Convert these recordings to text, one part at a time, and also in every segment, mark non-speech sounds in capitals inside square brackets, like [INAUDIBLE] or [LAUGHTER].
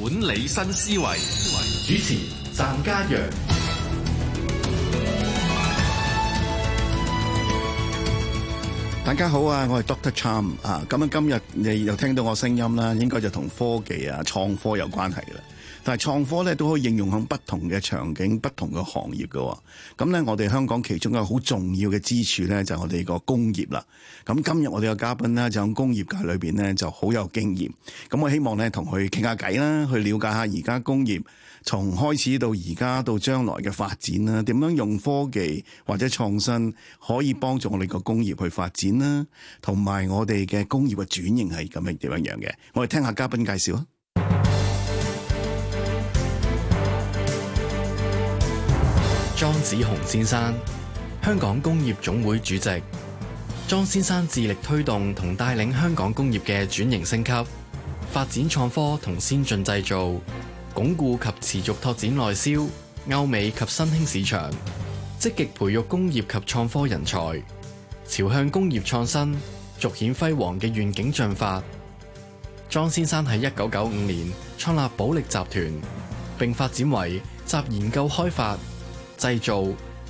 管理新思維，主持湛家揚。家陽大家好啊，我係 Doctor Cham 啊，咁啊今日你又聽到我聲音啦，應該就同科技啊、創科有關係嘅啦。但係創科咧都可以應用喺不同嘅場景、不同嘅行業嘅。咁咧，我哋香港其中一個好重要嘅支柱咧，就係我哋個工業啦。咁今日我哋嘅嘉賓咧，就喺工業界裏邊咧，就好有經驗。咁我希望咧，同佢傾下偈啦，去了解下而家工業從開始到而家到將來嘅發展啦，點樣用科技或者創新可以幫助我哋個工業去發展啦，同埋我哋嘅工業嘅轉型係咁樣點樣樣嘅。我哋聽下嘉賓介紹啊。莊子雄先生，香港工業總會主席。莊先生致力推動同帶領香港工業嘅轉型升級，發展創科同先進製造，鞏固及持續拓展內銷、歐美及新興市場，積極培育工業及創科人才，朝向工業創新、逐顯輝煌嘅願景進發。莊先生喺一九九五年創立寶力集團，並發展為集研究開發。製造、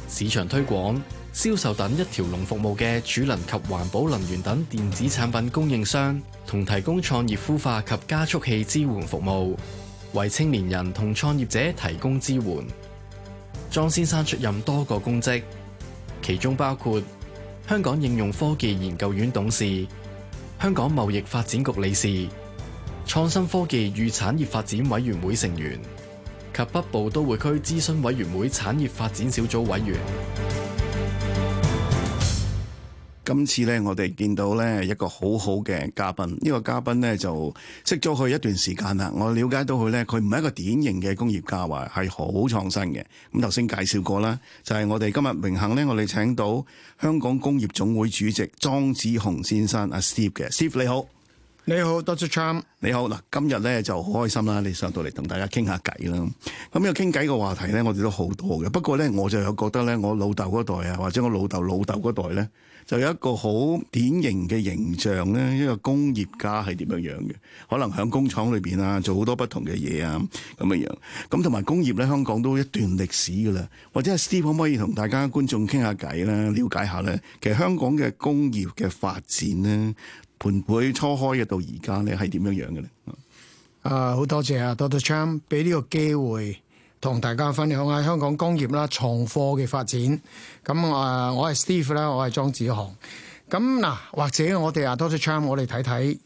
市場推廣、銷售等一條龍服務嘅儲能及環保能源等電子產品供應商，同提供創業孵化及加速器支援服務，為青年人同創業者提供支援。莊先生出任多個公職，其中包括香港應用科技研究院董事、香港貿易發展局理事、創新科技與產業發展委員會成員。及北部都會區諮詢委員會產業發展小組委員。今次呢，我哋見到呢一個好好嘅嘉賓，呢個嘉賓呢，就識咗佢一段時間啦。我了解到佢呢，佢唔係一個典型嘅工業家話，係好創新嘅。咁頭先介紹過啦，就係我哋今日榮幸呢，我哋請到香港工業總會主席莊子雄先生阿 Steve 嘅，Steve 你好。你好，Dr. Chan 你好，嗱，今日咧就好開心啦，你上到嚟同大家傾下偈啦。咁呢個傾偈嘅話題咧，我哋都好多嘅。不過咧，我就有覺得咧，我老豆嗰代啊，或者我老豆老豆嗰代咧，就有一個好典型嘅形象咧，一個工業家係點樣樣嘅。可能喺工廠裏邊啊，做好多不同嘅嘢啊，咁樣樣。咁同埋工業咧，香港都一段歷史噶啦。或者阿 Steve 可唔可以同大家觀眾傾下偈啦，了解下咧，其實香港嘅工業嘅發展咧？盤會初開嘅到而家咧係點樣樣嘅咧？啊，好多謝啊，Doctor Cham 俾呢個機會同大家分享下香港工業啦、創科嘅發展。咁啊，uh, 我係 Steve 啦，我係莊子雄。咁嗱，或者我哋啊，Doctor Cham，我哋睇睇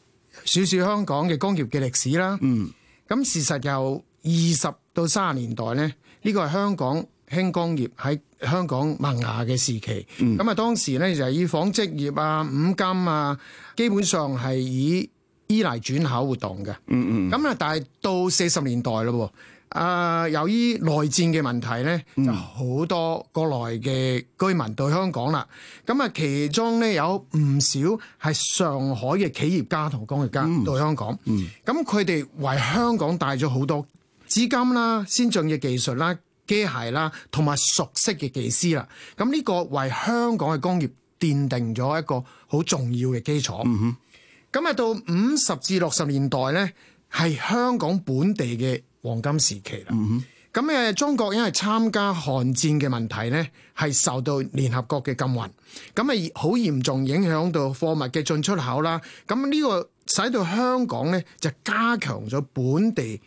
少少香港嘅工業嘅歷史啦。嗯。咁事實由二十到三十年代咧，呢個係香港。輕工業喺香港萌芽嘅時期，咁啊、嗯、當時咧就係、是、以紡織業啊、五金啊，基本上係以依賴轉口活動嘅、嗯。嗯嗯。咁啊，但係到四十年代咯，啊、呃、由於內戰嘅問題咧，嗯、就好多國內嘅居民到香港啦。咁啊，其中咧有唔少係上海嘅企業家同工業家到香港。咁佢哋為香港帶咗好多資金啦、先進嘅技術啦。機械啦，同埋熟悉嘅技師啦，咁呢個為香港嘅工業奠定咗一個好重要嘅基礎。咁啊、嗯哼，到五十至六十年代呢，係香港本地嘅黃金時期啦。咁誒、嗯哼，中國因為參加韓戰嘅問題呢，係受到聯合國嘅禁運，咁啊，好嚴重影響到貨物嘅進出口啦。咁呢個使到香港呢，就加強咗本地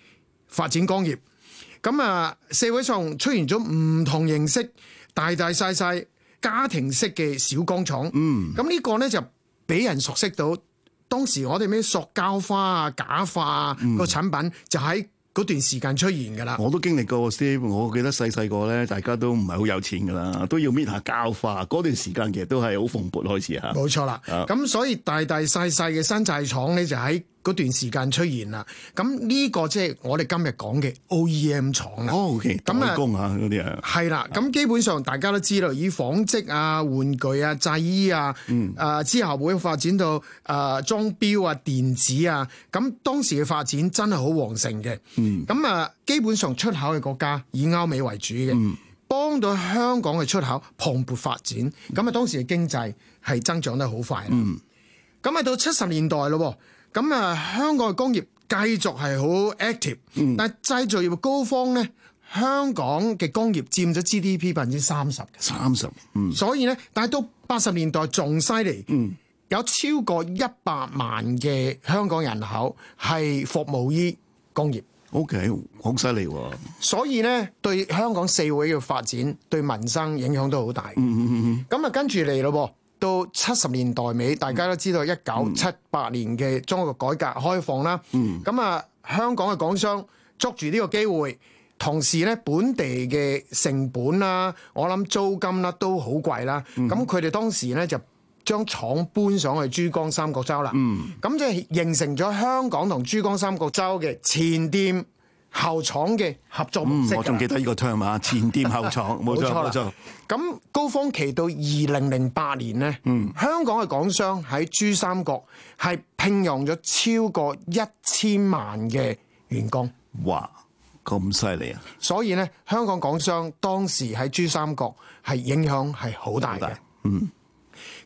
發展工業。咁啊，社會上出現咗唔同形式、大大細細家庭式嘅小工廠。嗯，咁呢個咧就俾人熟悉到當時我哋咩塑膠花啊、假花啊、嗯、個產品就喺嗰段時間出現㗎啦。我都經歷過啲，Steve, 我記得細細個咧，大家都唔係好有錢㗎啦，都要搣下膠花。嗰段時間其實都係好蓬勃開始嚇。冇錯啦，咁、啊、所以大大細細嘅山寨廠咧就喺嗰段時間出現啦，咁呢個即係我哋今日講嘅 OEM 廠啦，咁啊、oh, okay. 那代工嗰啲啊，係啦，咁基本上大家都知啦，以紡織啊、玩具啊、製衣啊，嗯，啊之後會發展到啊、呃、鐘錶啊、電子啊，咁當時嘅發展真係好旺盛嘅，嗯，咁啊基本上出口嘅國家以歐美為主嘅，嗯，幫到香港嘅出口蓬勃發展，咁啊當時嘅經濟係增長得好快啦，嗯，咁啊到七十年代咯。咁啊，香港嘅工業繼續係好 active、嗯、但係製造業嘅高峯咧，香港嘅工業佔咗 GDP 百分之三十嘅，三十，30，嗯、所以咧，但係到八十年代仲犀利，嗯、有超過一百萬嘅香港人口係服務於工業，O K。好犀利喎，okay，啊、所以咧對香港社會嘅發展對民生影響都好大，咁啊、嗯嗯嗯、跟住嚟咯噃。到七十年代尾，大家都知道一九七八年嘅中國改革開放啦。咁、嗯、啊，香港嘅港商捉住呢個機會，同時呢本地嘅成本啦，我諗租金啦都好貴啦。咁佢哋當時呢就將廠搬上去珠江三角洲啦。咁即係形成咗香港同珠江三角洲嘅前店後廠嘅合作模式，嗯，我仲記得呢個 turn 嘛， [LAUGHS] 前店後廠，冇錯冇錯。咁 [LAUGHS] 高峰期到二零零八年呢，嗯，香港嘅港商喺珠三角係聘用咗超過一千萬嘅員工。哇，咁犀利啊！所以呢，香港港商當時喺珠三角係影響係好大嘅，嗯。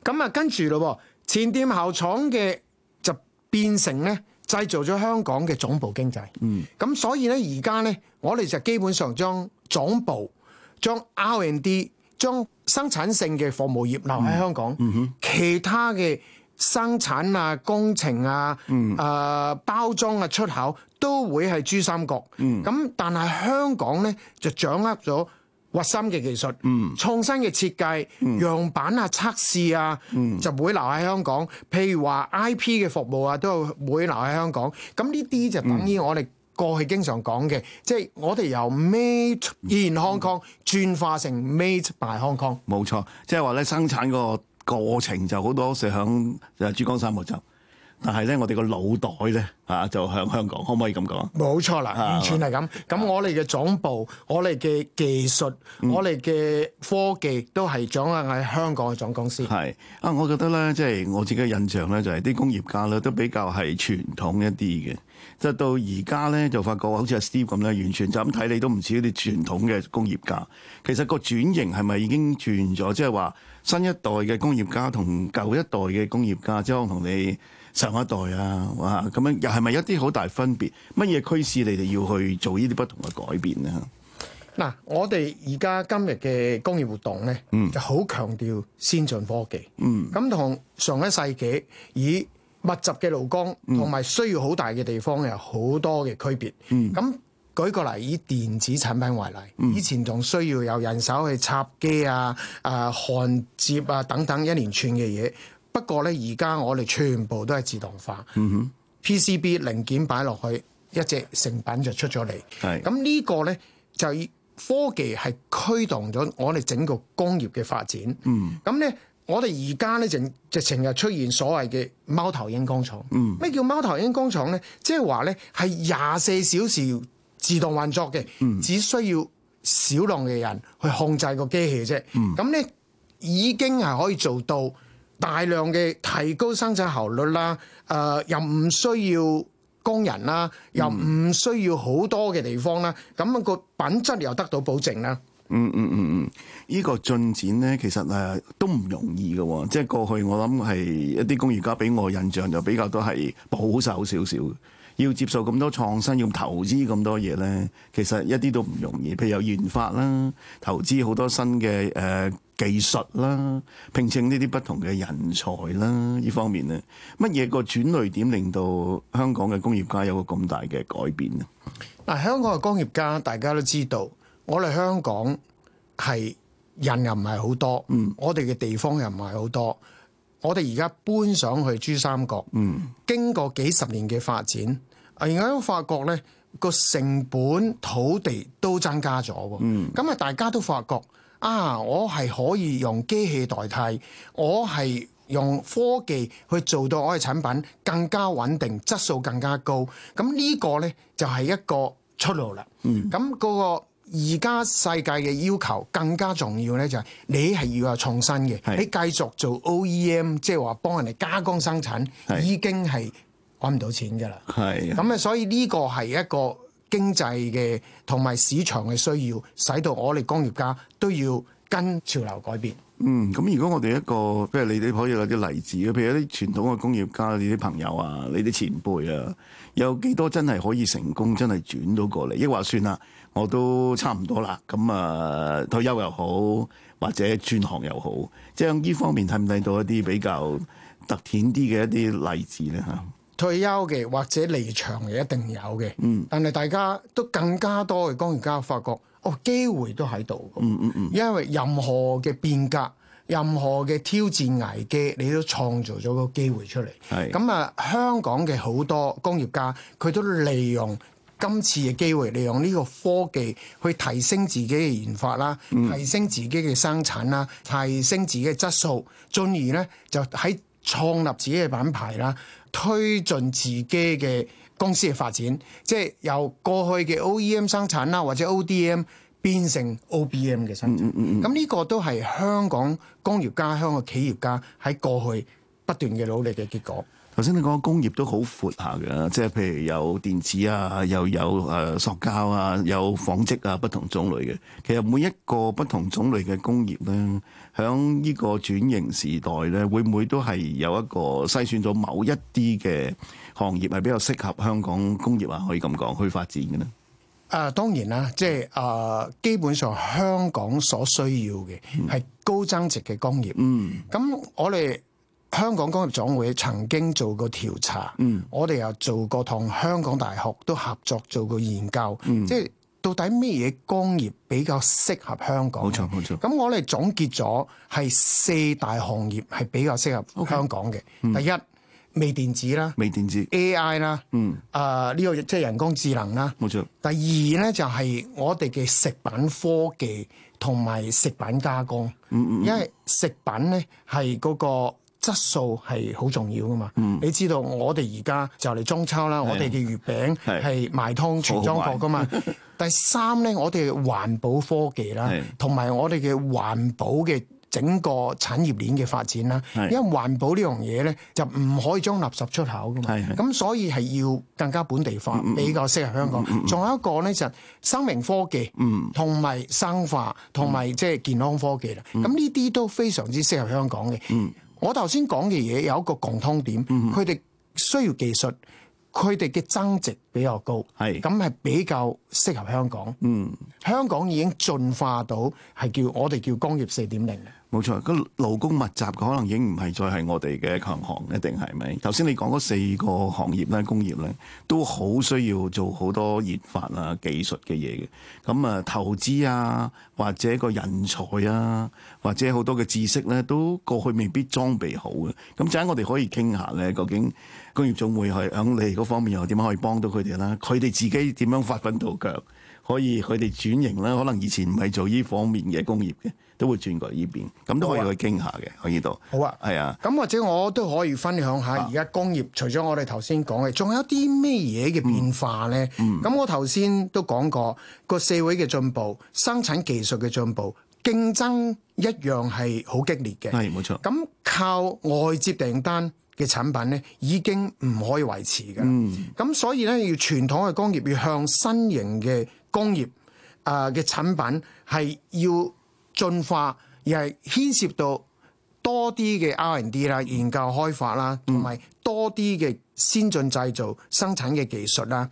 咁啊，跟住咯，前店後廠嘅就變成呢。製造咗香港嘅總部經濟，嗯，咁所以咧而家咧，我哋就基本上將總部、將 R&D、將生產性嘅服務業留喺香港，嗯、其他嘅生產啊、工程啊、誒、嗯呃、包裝啊、出口都會係珠三角，嗯，咁但係香港咧就掌握咗。核心嘅技術，嗯、創新嘅設計、嗯、樣板啊、測試啊，嗯、就會留喺香港。譬如話 IP 嘅服務啊，都會留喺香港。咁呢啲就等於我哋過去經常講嘅，即係、嗯、我哋由 Made in Hong Kong、嗯嗯、轉化成 Made by Hong Kong。冇錯，即係話咧生產個過程就好多時響珠江三角洲。但係咧，我哋個腦袋咧嚇、啊、就向香港，可唔可以咁講？冇錯啦，完全係咁。咁 [LAUGHS] 我哋嘅總部、我哋嘅技術、嗯、我哋嘅科技都係掌握喺香港嘅總公司。係啊，我覺得咧，即係我自己嘅印象咧，就係啲工業家咧都比較係傳統一啲嘅。就到而家咧，就發覺好似阿 Steve 咁咧，完全就咁睇你都唔似啲傳統嘅工業家。其實個轉型係咪已經轉咗？即係話新一代嘅工業家同舊一代嘅工業家，即係我同你。上一代啊，哇，咁樣又係咪一啲好大分別？乜嘢驅使你哋要去做呢啲不同嘅改變呢？嗱，我哋而家今日嘅工業活動咧，嗯、就好強調先進科技。咁同、嗯、上一世紀以密集嘅勞工同埋、嗯、需要好大嘅地方有好多嘅區別。咁、嗯、舉個例，以電子產品為例，嗯、以前仲需要有人手去插機啊、啊焊接啊等等一連串嘅嘢。不過咧，而家我哋全部都係自動化、mm hmm.，PCB 零件擺落去一隻成品就出咗嚟。係咁、mm hmm. 呢個咧，就以科技係驅動咗我哋整個工業嘅發展。嗯、mm，咁、hmm. 咧，我哋而家咧就就成日出現所謂嘅貓頭鷹工廠。嗯、mm，咩、hmm. 叫貓頭鷹工廠咧？即係話咧係廿四小時自動運作嘅，mm hmm. 只需要少量嘅人去控制個機器啫。Mm hmm. 嗯，咁咧已經係可以做到。大量嘅提高生產效率啦，誒、呃、又唔需要工人啦，又唔需要好多嘅地方啦，咁樣、嗯、個品質又得到保證啦、嗯。嗯嗯嗯嗯，依、這個進展咧其實誒都唔容易嘅喎，即、就、係、是、過去我諗係一啲工業家俾我印象就比較都係保守少少，要接受咁多創新，要投資咁多嘢咧，其實一啲都唔容易。譬如有研發啦，投資好多新嘅誒、呃技術啦，聘請呢啲不同嘅人才啦，呢方面咧，乜嘢個轉捩點令到香港嘅工業家有個咁大嘅改變咧？嗱，香港嘅工業家大家都知道，我哋香港係人又唔係好多，嗯，我哋嘅地方又唔係好多，我哋而家搬上去珠三角，嗯，經過幾十年嘅發展，而家都發覺咧個成本土地都增加咗，嗯，咁啊大家都發覺。啊！我係可以用機器代替，我係用科技去做到我嘅產品更加穩定，質素更加高。咁呢個呢，就係、是、一個出路啦。嗯。咁嗰個而家世界嘅要求更加重要呢，就係、是、你係要有創新嘅。是你繼續做 OEM，即係話幫人哋加工生產，是已經係揾唔到錢㗎啦。係。咁啊，所以呢個係一個。經濟嘅同埋市場嘅需要，使到我哋工業家都要跟潮流改變。嗯，咁如果我哋一個，譬如你哋可以攞啲例子，譬如一啲傳統嘅工業家你啲朋友啊，你啲前輩啊，有幾多真係可以成功，真係轉到過嚟？抑或算啦，我都差唔多啦。咁啊，退休又好，或者轉行又好，即係呢方面睇唔睇到一啲比較特顯啲嘅一啲例子咧嚇？嗯退休嘅或者離場嘅一定有嘅，嗯、但係大家都更加多嘅工業家發覺，哦機會都喺度、嗯。嗯嗯嗯，因為任何嘅變革、任何嘅挑戰、危機，你都創造咗個機會出嚟。係咁是啊！香港嘅好多工業家，佢都利用今次嘅機會，利用呢個科技去提升自己嘅研發啦、嗯，提升自己嘅生產啦，提升自己嘅質素，進而咧就喺創立自己嘅品牌啦。推進自己嘅公司嘅發展，即係由過去嘅 OEM 生產啦，或者 ODM 變成 OBM 嘅生產。嗯嗯、咁呢個都係香港工業家鄉嘅企業家喺過去不斷嘅努力嘅結果。頭先你講工業都好闊下㗎，即係譬如有電子啊，又有誒塑膠啊，有紡織啊，不同種類嘅。其實每一個不同種類嘅工業咧。響呢個轉型時代咧，會唔會都係有一個篩選咗某一啲嘅行業係比較適合香港工業啊？可以咁講去發展嘅呢？啊，當然啦，即係啊，基本上香港所需要嘅係高增值嘅工業。嗯，咁我哋香港工業總會曾經做過調查。嗯，我哋又做過同香港大學都合作做過研究。即係、嗯。即係到底咩嘢工業比較適合香港？冇錯，冇錯。咁我哋總結咗係四大行業係比較適合香港嘅。Okay。第一，微電子啦，微電子 AI 啦，嗯，啊呢、呃這個即係人工智能啦。冇錯。第二咧就係、是、我哋嘅食品科技同埋食品加工。嗯嗯。因、嗯、為、嗯、食品咧係嗰個。質素係好重要噶嘛？你知道我哋而家就嚟中秋啦，我哋嘅月餅係賣湯全裝貨噶嘛？第三咧，我哋嘅環保科技啦，同埋我哋嘅環保嘅整個產業鏈嘅發展啦。因為環保呢樣嘢咧，就唔可以將垃圾出口噶嘛。咁所以係要更加本地化，比較適合香港。仲有一個咧就係生命科技，同埋生化，同埋即係健康科技啦。咁呢啲都非常之適合香港嘅。我頭先講嘅嘢有一個共通點，佢哋、mm hmm，需要技術，佢哋嘅增值，比較高，係咁係比較適合香港。嗯，香港已經進化到係叫我哋叫工業四點零咧。冇錯，個勞工密集可能已經唔係再係我哋嘅強項，一定係咪？頭先你講嗰四個行業咧，工業咧都好需要做好多研發啊、技術嘅嘢嘅。咁啊，投資啊，或者個人才啊，或者好多嘅知識咧，都過去未必裝備好嘅。咁陣間我哋可以傾下咧，究竟工業總會係響你嗰方面又點樣可以幫到佢？佢哋自己點樣發奮圖強，可以佢哋轉型啦。可能以前唔係做呢方面嘅工業嘅，都會轉過嚟呢邊，咁都可以去傾下嘅喺呢度。好啊，係啊，咁、啊、或者我都可以分享下而家工業，除咗我哋頭先講嘅，仲有啲咩嘢嘅變化呢？嗯，咁、嗯、我頭先都講過個社會嘅進步、生產技術嘅進步、競爭一樣係好激烈嘅。係冇錯。咁靠外接訂單。嘅產品咧已經唔可以維持嘅，咁、嗯、所以咧要傳統嘅工業要向新型嘅工業啊嘅、呃、產品係要進化，而係牽涉到多啲嘅 R&D 啦、D，研究開發啦，同埋多啲嘅先進製造生產嘅技術啦。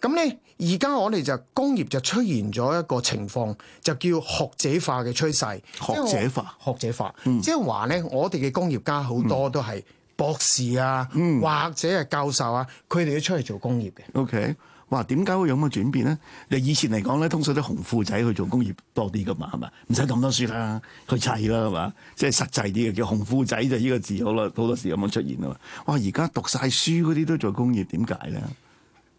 咁咧而家我哋就工業就出現咗一個情況，就叫學者化嘅趨勢，學學，學者化、學者化，即係話咧，我哋嘅工業家好多都係、嗯。博士啊，或者係教授啊，佢哋都出嚟做工業嘅。O、okay. K，哇，點解會有咁嘅轉變咧？你以前嚟講咧，通常啲紅褲仔去做工業多啲噶嘛，係嘛？唔使咁多書啦、啊，去砌啦、啊，係嘛？即係實際啲嘅，叫紅褲仔就呢個字好啦，好多時咁樣出現咯。哇！而家讀晒書嗰啲都做工業，點解咧？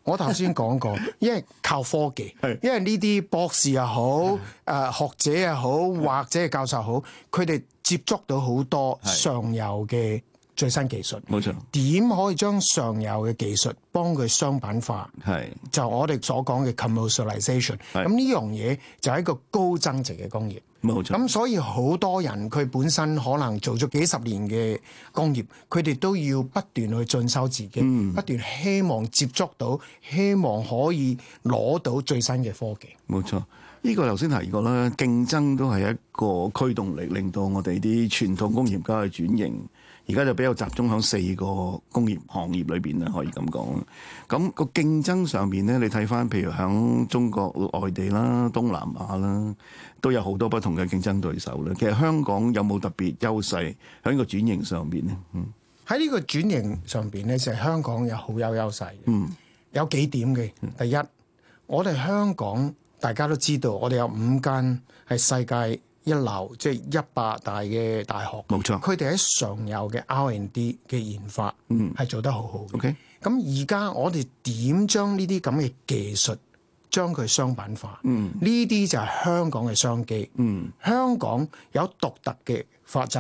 我頭先講過， [LAUGHS] 因為靠科技，是因為呢啲博士又好，誒是、呃、學者又好，或者係教授好，佢哋接觸到好多上游嘅是。最新技術冇錯，點可以將上游嘅技術幫佢商品化？係是就我哋所講嘅 commercialization 咁呢是樣嘢就係一個高增值嘅工業，冇錯。咁所以好多人佢本身可能做咗幾十年嘅工業，佢哋都要不斷去進修自己，嗯、不斷希望接觸到，希望可以攞到最新嘅科技。冇錯，依、呢個頭先提過啦，競爭都係一個驅動力，令到我哋啲傳統工業家去轉型。而家就比較集中喺四個工業行業裏邊啦，可以咁講。咁個競爭上邊咧，你睇翻譬如喺中國、外地啦、東南亞啦，都有好多不同嘅競爭對手咧。其實香港有冇特別優勢喺個轉型上邊咧？喺呢個轉型上邊咧，其實香港有好有優勢嘅，有幾點嘅。第一，我哋香港大家都知道，我哋有五間係世界。一流即係、就是、一百大嘅大學，冇錯。佢哋喺上游嘅 R&D 嘅研發，嗯，係做得好好。OK，咁而家我哋點將呢啲咁嘅技術，將佢商品化？嗯，呢啲就係香港嘅商機。嗯，香港有獨特嘅法制，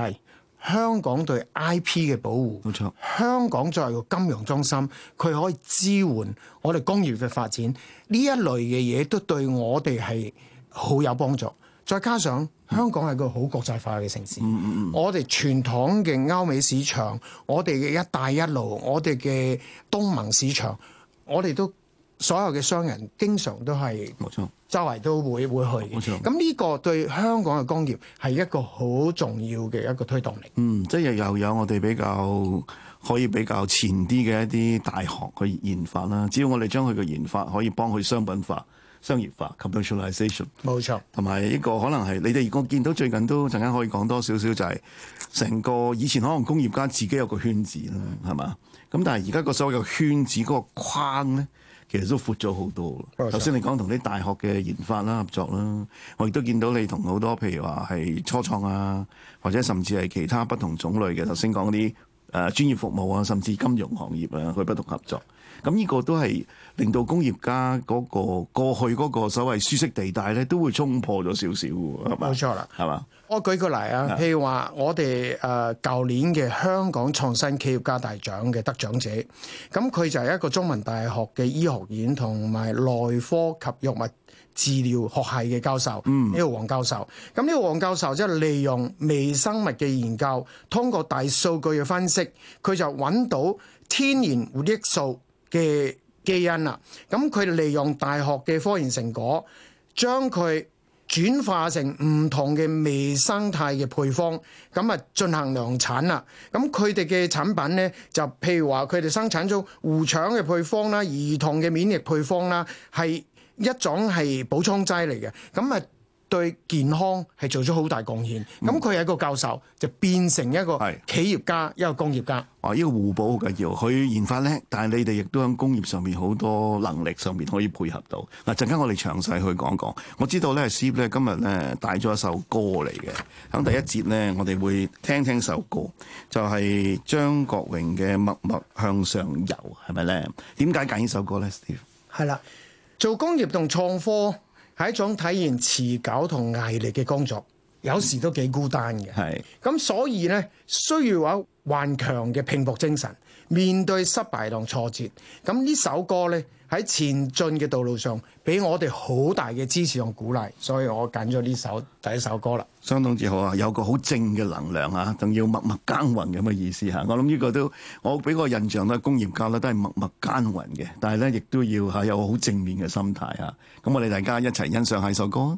香港對 IP 嘅保護，冇錯。香港作為個金融中心，佢可以支援我哋工業嘅發展，呢一類嘅嘢都對我哋係好有幫助。再加上嗯、香港係個好國際化嘅城市。嗯嗯嗯。嗯我哋傳統嘅歐美市場，我哋嘅一帶一路，我哋嘅東盟市場，我哋都所有嘅商人經常都係冇錯，周圍都會、嗯、周圍都會,會去冇錯。咁呢、嗯、個對香港嘅工業係一個好重要嘅一個推動力。嗯，即係又又有我哋比較可以比較前啲嘅一啲大學去研發啦。只要我哋將佢嘅研發可以幫佢商品化。商業化 commercialization，冇錯，同埋呢個可能係你哋如果見到最近都陣間可以講多少少就係、是、成個以前可能工業家自己有個圈子啦，係嘛、嗯？咁但係而家個所謂個圈子嗰個框呢，其實都闊咗好多。頭先錯你講同啲大學嘅研發啦合作啦，我亦都見到你同好多譬如話係初創啊，或者甚至係其他不同種類嘅頭先講啲誒專業服務啊，甚至金融行業啊佢不同合作。咁呢個都係令到工業家嗰個過去嗰個所謂舒適地帶咧，都會衝破咗少少，係嘛？冇錯啦，係嘛？我舉個例啊，譬如話我哋誒舊年嘅香港創新企業家大獎嘅得獎者，咁佢就係一個中文大學嘅醫學院同埋內科及藥物治療學系嘅教授，嗯，呢個黃教授。咁呢個黃教授即係利用微生物嘅研究，通過大數據嘅分析，佢就揾到天然活益素嘅基因啦，咁佢利用大學嘅科研成果，將佢轉化成唔同嘅微生態嘅配方，咁啊進行量產啦。咁佢哋嘅產品咧，就譬如話，佢哋生產咗護腸嘅配方啦、兒童嘅免疫配方啦，係一種，係補充劑嚟嘅，咁啊。對健康係做咗好大貢獻，咁佢係一個教授，就變成一個企業家，是一個工業家。啊、哦，呢個互補好緊要。佢研發咧，但係你哋亦都喺工業上面好多能力上面可以配合到。嗱，陣間我哋詳細去講講。我知道咧，Steve 咧今日咧帶咗一首歌嚟嘅，咁是第一節咧我哋會聽聽首歌，就係張國榮嘅《默默向上游》，係咪咧？點解揀呢首歌咧？Steve 係啦，做工業同創科。係一種體現持久同毅力嘅工作，有時都幾孤單嘅。係咁是，所以呢，需要話頑強嘅拼搏精神，面對失敗同挫折。咁呢首歌呢，喺前進嘅道路上，俾我哋好大嘅支持同鼓勵，所以我揀咗呢首第一首歌啦。相當之好啊，有個好正嘅能量啊，仲要默默耕耘咁嘅意思嚇。我諗呢個都我俾個印象咧，工業家咧都係默默耕耘嘅，但係咧亦都要嚇有好正面嘅心態啊。咁我哋大家一齊欣賞一下首歌。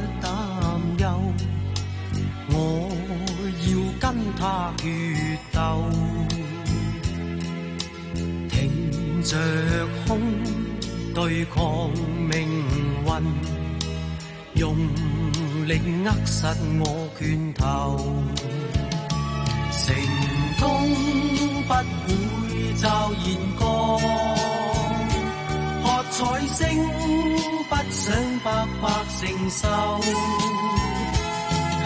我要跟他決鬥，挺着胸對抗命運，用力握實我拳頭。 [NOISE] 成功不會驟然降，喝彩聲不想白白承受。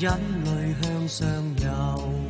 眼淚向上游。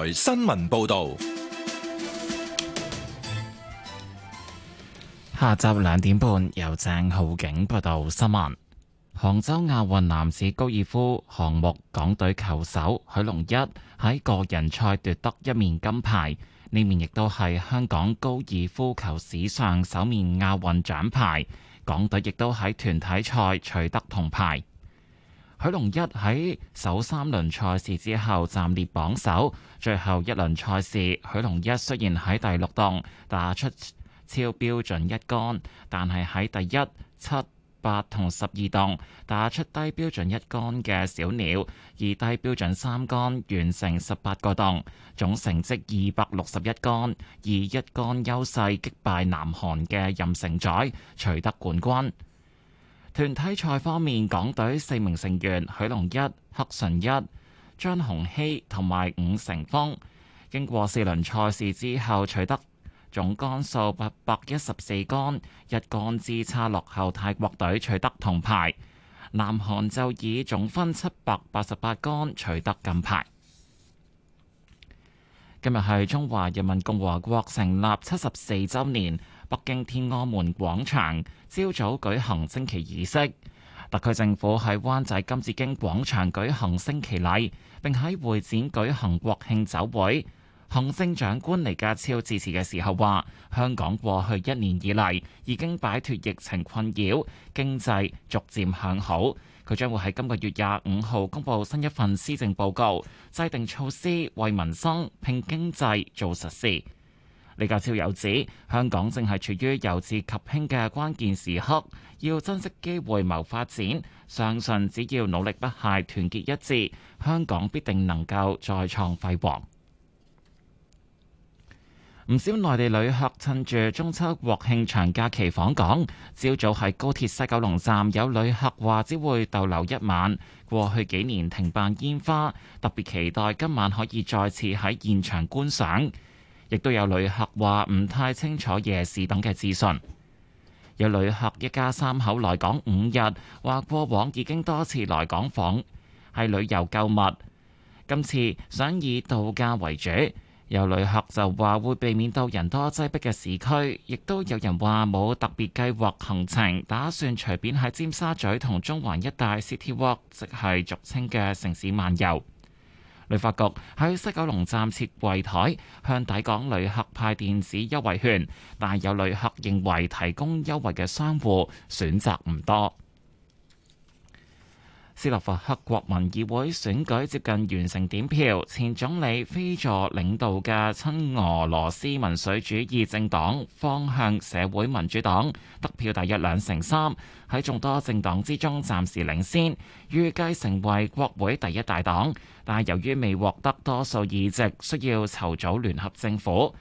台新聞報道，下晝兩點半由鄭浩景報道新聞。杭州亞運男子高爾夫項目，港隊球手許龍一喺個人賽奪得一面金牌，呢面亦都係香港高爾夫球史上首面亞運獎牌。港隊亦都喺團體賽取得銅牌。許龍一喺首三輪賽事之後暫列榜首，最後一輪賽事，許龍一雖然喺第六洞打出超標準一桿，但係喺第一、七、八同十二洞打出低標準一桿嘅小鳥，以低標準三桿完成十八個洞，總成績二百六十一桿，以一桿優勢擊敗南韓嘅任成宰，取得冠軍。團體賽方面，港隊四名成員許龍一、黑純一、張洪熙同埋伍成峰，經過四輪賽事之後，取得總杆數八百一十四杆，一杆之差落後泰國隊取得銅牌。南韓就以總分七百八十八杆取得金牌。今日係中華人民共和國成立七十四周年。北京天安門廣場朝早舉行升旗儀式，特區政府喺灣仔金紫荊廣場舉行升旗禮，並喺會展舉行國慶酒會。行政長官李家超致辭嘅時候話，香港過去一年以嚟已經擺脫疫情困擾，經濟逐漸向好。佢將會喺今個月廿五號公布新一份施政報告，制定措施為民生拼經濟做實事。李家超有指，香港正係處於由治及興嘅關鍵時刻，要珍惜機會謀發展，相信只要努力不懈、團結一致，香港必定能夠再創輝煌。唔 [NOISE] 少內地旅客趁住中秋國慶長假期訪港，朝早喺高鐵西九龍站，有旅客話只會逗留一晚。過去幾年停辦煙花，特別期待今晚可以再次喺現場觀賞。亦都有旅客話唔太清楚夜市等嘅資訊。有旅客一家三口來港五日，話過往已經多次來港訪，係旅遊購物。今次想以度假為主。有旅客就話會避免到人多擠迫嘅市區，亦都有人話冇特別計劃行程，打算隨便喺尖沙咀同中環一帶 city walk，即係俗稱嘅城市漫遊。旅發局喺西九龍站設櫃台，向抵港旅客派電子優惠券，但有旅客認為提供優惠嘅商戶選擇唔多。斯洛伐克國民議會選舉接近完成點票，前總理非助領導嘅親俄羅斯民粹主義政黨方向社會民主黨得票大約兩成三，喺眾多政黨之中暫時領先，預計成為國會第一大黨。但係由於未獲得多數議席，需要籌組聯合政府。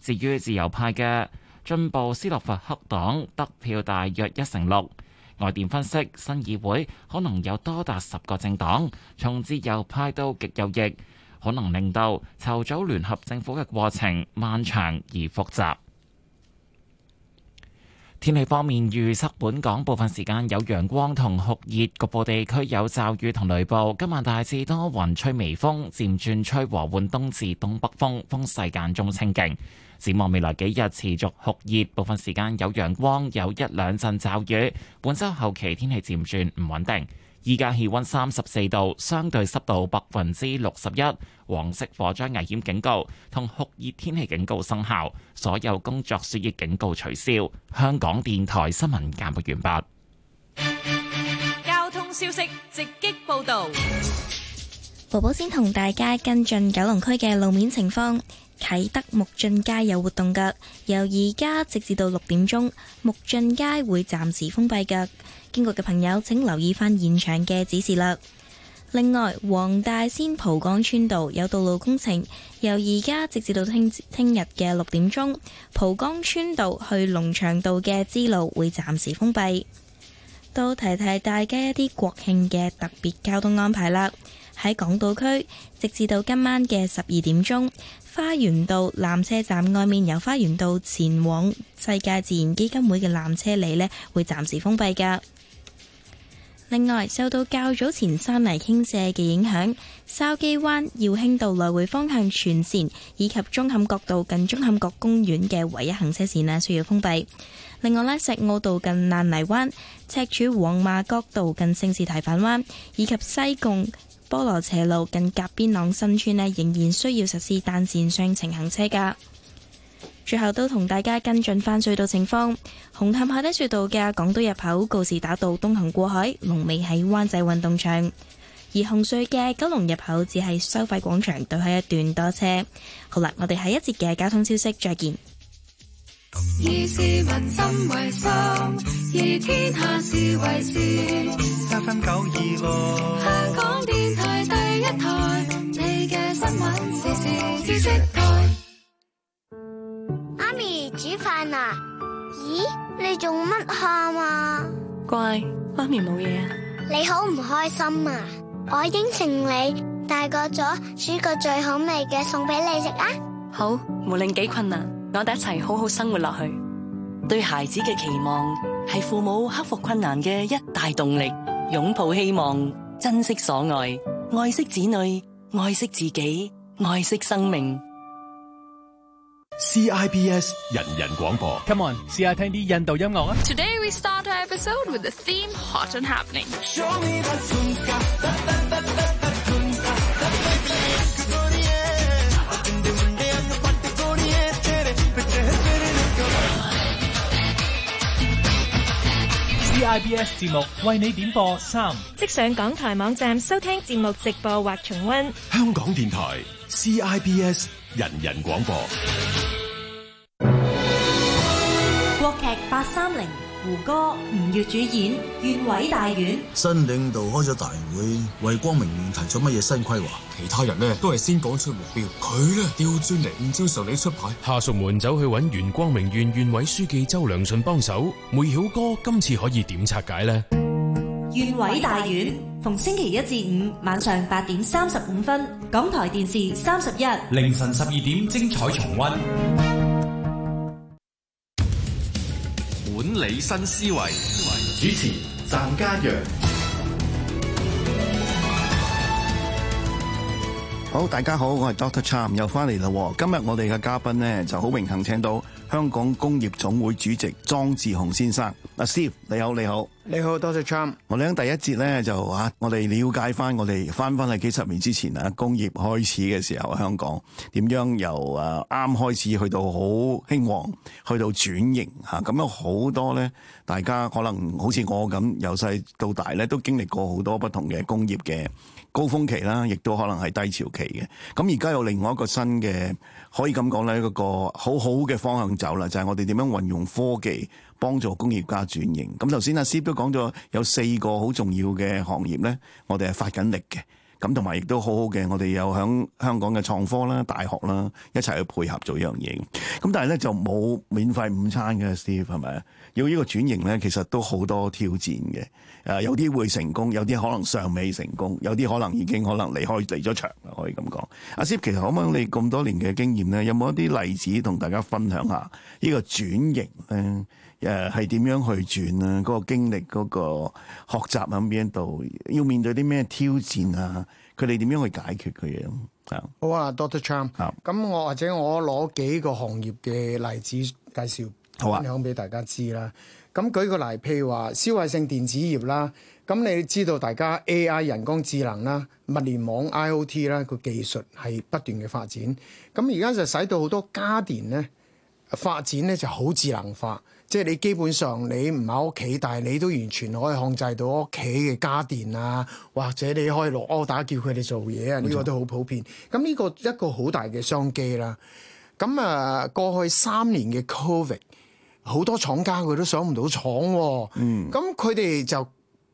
至於自由派嘅進步斯洛伐克黨得票大約一成六。外電分析，新議會可能有多達十個政黨，從自由派到極右翼，可能令到籌組聯合政府嘅過程漫長而複雜。天氣方面預測，本港部分時間有陽光同酷熱，局部地區有驟雨同雷暴。今晚大致多雲，吹微風，漸轉吹和緩東至東北風，風勢間中清勁。展望未來幾日持續酷熱，部分時間有陽光，有一兩陣驟雨。本周後期天氣漸轉唔穩定。依家氣溫三十四度，相對濕度百分之六十一，黃色火災危險警告同酷熱天氣警告生效，所有工作暑熱警告取消。香港電台新聞簡報完畢。交通消息直擊報道，寶寶先同大家跟進九龍區嘅路面情況。.啟德木俊街有活動噶，由而家直至到六點鐘，木俊街會暫時封閉噶。經過嘅朋友請留意返現場嘅指示啦。另外，黃大仙蒲崗村道有道路工程，由而家直至到聽聽日嘅六點鐘，蒲崗村道去龍翔道嘅支路會暫時封閉。都提提大家一啲國慶嘅特別交通安排啦。喺港島區，直至到今晚嘅十二點鐘，花園道纜車站外面由花園道前往世界自然基金會嘅纜車裡呢會暫時封閉噶。另外，受到較早前山泥傾瀉嘅影響，筲箕灣耀興道來回方向全線以及舂坎角道近舂坎角公園嘅唯一行車線啊，需要封閉。另外咧，石澳道近爛泥灣、赤柱黃麻角道近聖士提反灣以及西貢，菠蘿斜路近甲邊朗新村呢，仍然需要實施單線雙程行車噶。最後都同大家跟進翻隧道情況，紅磡海底隧道嘅港島入口告士打道東行過海龍尾喺灣仔運動場，而紅隧嘅九龍入口只係收費廣場對開一段多車。好啦，我哋下一節嘅交通消息再見。以市民心為心，以天下事為事。七分九二六，香港電台第一台，你嘅新聞時事資訊台。媽咪煮飯啊？咦，你做乜喊呀？乖，媽咪冇嘢啊。你好唔開心啊？我應承你大，大個咗煮個最好味嘅餸俾你食啊。好，無論幾困難。我哋一齊好好生活落去。對孩子嘅期望係父母克服困難嘅一大動力。擁抱希望，珍惜所愛，愛惜子女，愛惜自己，愛惜生命。CIBS 人人廣播，Come on，試下聽啲印度音樂啊！Today we start our episode with a theme Hot and happening. CIBS 節目為你點播三，即上港台網站收聽節目直播或重温。香港電台 CIBS 人人廣播，國劇八三零。胡歌、吳越主演《縣委大院》，新領導開咗大會，為光明提出乜嘢新規劃？其他人呢，都係先講出目標，佢呢，調轉嚟唔招受你出牌。下屬們走去揾原光明縣縣委書記周良順幫手，梅曉歌，今次可以點拆解呢？縣委大院逢星期一至五晚上八點三十五分，港台電視三十一，凌晨十二點精彩重溫。管理新思維，思維主持：湛家揚。好，大家好，我係 Doctor Cham，又翻嚟啦。今日我哋嘅嘉賓呢，就好榮幸請到香港工業總會主席莊子雄先生。阿 Steve，你好，你好，你好，多謝 Cham。我哋喺第一節呢，就，啊，我哋了解翻我哋翻翻係幾十年之前啊，工業開始嘅時候，香港點樣由誒啱、啊、開始去到好興旺，去到轉型吓，咁、啊、樣好多呢，大家可能好似我咁，由細到大呢，都經歷過好多不同嘅工業嘅。高峰期啦，亦都可能係低潮期嘅。咁而家有另外一個新嘅，可以咁講咧，一個好好嘅方向走啦，就係我哋點樣運用科技幫助工業家轉型。咁頭先阿師都講咗有四個好重要嘅行業咧，我哋係發緊力嘅。咁同埋亦都好好嘅，我哋有喺香港嘅創科啦、大學啦一齊去配合做呢樣嘢。咁但係咧就冇免費午餐嘅，Steve 係咪？要呢個轉型咧，其實都好多挑戰嘅。誒，有啲會成功，有啲可能尚未成功，有啲可能已經可能離開離咗場啦，可以咁講。阿 [MUSIC] Steve 其實可唔可以你咁多年嘅經驗咧，有冇一啲例子同大家分享下呢個轉型咧？誒係點樣去轉啦？嗰、那個經歷，嗰、那個學習喺邊一度，要面對啲咩挑戰啊？佢哋點樣去解決佢嘢？係好啊，Doctor Cham，咁我或者我攞幾個行業嘅例子介紹兩俾、啊、大家知啦。咁舉個例，譬如話消費性電子業啦。咁你知道大家 A I 人工智能啦、物聯網 I O T 啦個技術係不斷嘅發展。咁而家就使到好多家電咧發展咧就好智能化。即係你基本上你唔喺屋企，但係你都完全可以控制到屋企嘅家電啊，或者你可以落 order 叫佢哋做嘢啊，呢錯個都好普遍。咁呢個一個好大嘅商機啦。咁啊，過去三年嘅 COVID，好多廠家佢都上唔到廠喎、啊。嗯。咁佢哋就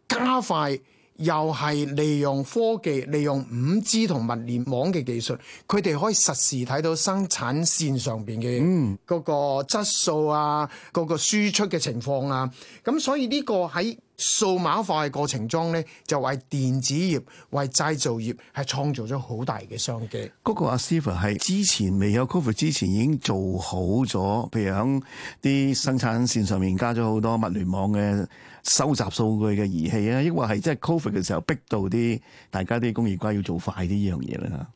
加快。又係利用科技，利用五 G 同物聯網嘅技術，佢哋可以實時睇到生產線上邊嘅嗰個質素啊，嗰、嗰個輸出嘅情況啊。咁所以呢個喺數碼化嘅過程中咧，就為電子業、為製造業係創造咗好大嘅商機。嗰個阿 s i e a h 係之前未有 cover 之前已經做好咗，譬如喺啲生產線上面加咗好多物聯網嘅。收集數據嘅儀器啊，抑或係即係 Covid 嘅時候逼到啲大家啲工業家要做快呢樣嘢啦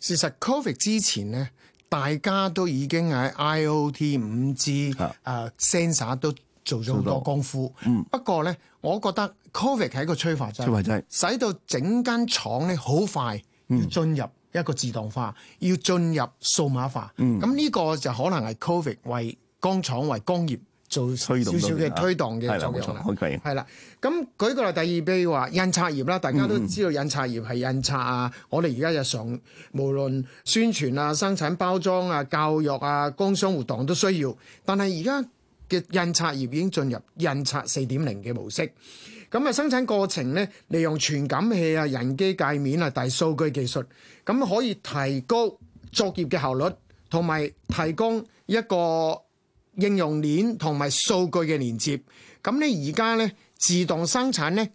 嚇。事實 Covid 之前咧，大家都已經喺 IOT 是、五 G、呃、誒 sensor 都做咗好多功夫。嗯、不過咧，我覺得 Covid 係一個催化劑，催化劑使到整間廠咧好快要進入一個自動化，嗯、要進入數碼化。嗯。咁呢個就可能係 Covid 為工廠為工業。做推少少嘅推動嘅作用，係啦，冇錯、okay. 啦、嗯，咁舉個例，第二，比如話印刷業啦，大家都知道印刷業係印刷啊。嗯、我哋而家日常無論宣傳啊、生產包裝啊、教育啊、工商活動都需要。但係而家嘅印刷業已經進入印刷四點零嘅模式。咁啊，生產過程咧，利用傳感器啊、人機界面啊、大數據技術，咁可以提高作業嘅效率，同埋提供一個。應用鏈同埋數據嘅連接，咁你而家咧，自動生產咧，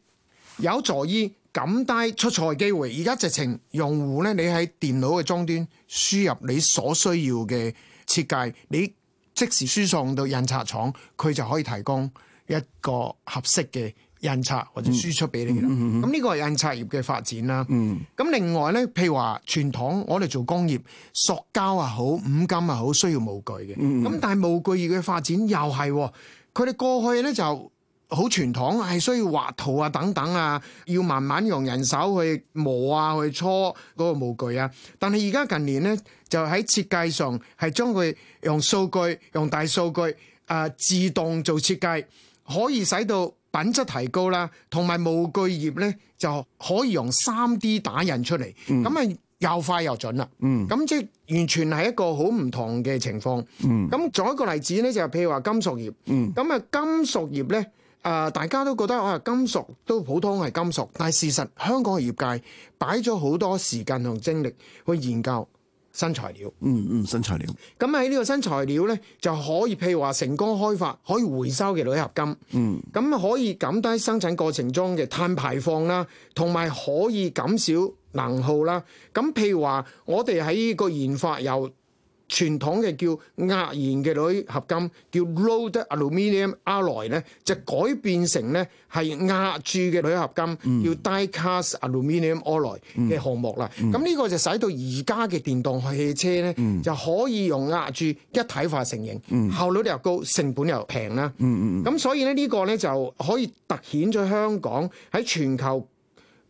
有助於減低出錯機會。而家直情用戶咧，你喺電腦嘅終端輸入你所需要嘅設計，你即時輸送到印刷廠，佢就可以提供一個合適嘅。印刷或者輸出俾你嘅，咁呢、嗯嗯嗯嗯、個係印刷業嘅發展啦。咁、嗯、另外咧，譬如話傳統，我哋做工業塑膠啊好，五金啊好，需要模具嘅。咁、嗯嗯、但係模具業嘅發展又係，佢哋過去咧就好傳統，係需要畫圖啊等等啊，要慢慢用人手去磨啊去搓嗰個模具啊。但係而家近年咧，就喺設計上係將佢用數據、用大數據啊、呃、自動做設計，可以使到，品質提高啦，同埋模具業咧就可以用三 D 打印出嚟，咁啊、嗯、又快又準啦。咁、嗯、即係完全係一個好唔同嘅情況。咁再、嗯、一個例子咧就係、是、譬如話金屬業，咁啊、嗯、金屬業咧啊大家都覺得啊金屬都普通係金屬，但係事實香港嘅業界擺咗好多時間同精力去研究。新材料，嗯嗯，新材料。咁喺呢個新材料咧，就可以譬如話成功開發可以回收嘅鋁合金，嗯，咁可以減低生產過程中嘅碳排放啦，同埋可以減少能耗啦。咁譬如話，我哋喺個研發又。傳統嘅叫壓延嘅鋁合金叫 rolled aluminium alloy 咧，就改變成咧係壓鑄嘅鋁合金，叫，alloy，金、嗯、叫 die cast aluminium alloy 嘅項目啦。咁呢、嗯、個就使到而家嘅電動汽車咧，嗯、就可以用壓鑄一體化成型，嗯、效率又高，成本又平啦。咁、嗯嗯嗯、所以咧呢個咧就可以突顯咗香港喺全球。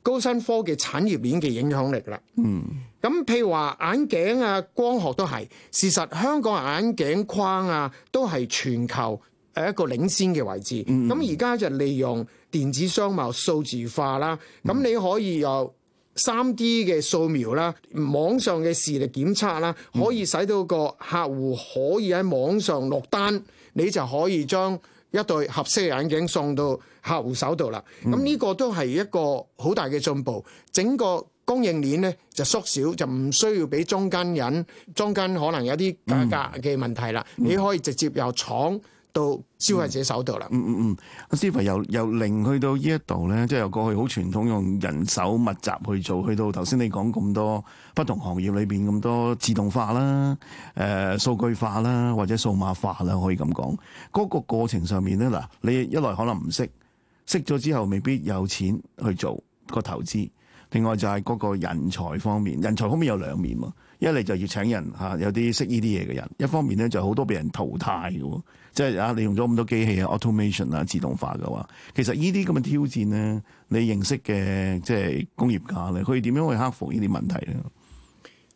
高新科技產業鏈嘅影響力啦，嗯，咁譬如話眼鏡啊，光學都係事實。香港眼鏡框啊，都係全球誒一個領先嘅位置。咁而家就利用電子商貿、數字化啦，咁你可以有三 D 嘅掃描啦，網上嘅視力檢測啦，可以使到個客戶可以喺網上落單，你就可以將。一對合適嘅眼鏡送到客戶手度啦，咁呢、嗯、個都係一個好大嘅進步，整個供應鏈呢就縮小，就唔需要俾中間人，中間可能有啲價格嘅問題啦，嗯、你可以直接由廠。到消費者手度啦、嗯。嗯嗯嗯，阿 Stephen 由零去到呢一度咧，即係由過去好傳統用人手密集去做，去到頭先你講咁多不同行業裏邊咁多自動化啦、誒、呃、數據化啦或者數碼化啦，可以咁講。嗰、那個過程上面咧，嗱，你一來可能唔識，識咗之後未必有錢去做、那個投資。另外就係嗰個人才方面，人才方面有兩面喎。一嚟就要請人嚇、啊，有啲識呢啲嘢嘅人。一方面咧，就好、是、多畀人淘汰嘅喎。即、就、係、是、啊，利用咗咁多機器啊、automation 啊、自動化嘅話，其實呢啲咁嘅挑戰咧，你認識嘅即係工業家咧，佢點樣去克服呢啲問題咧？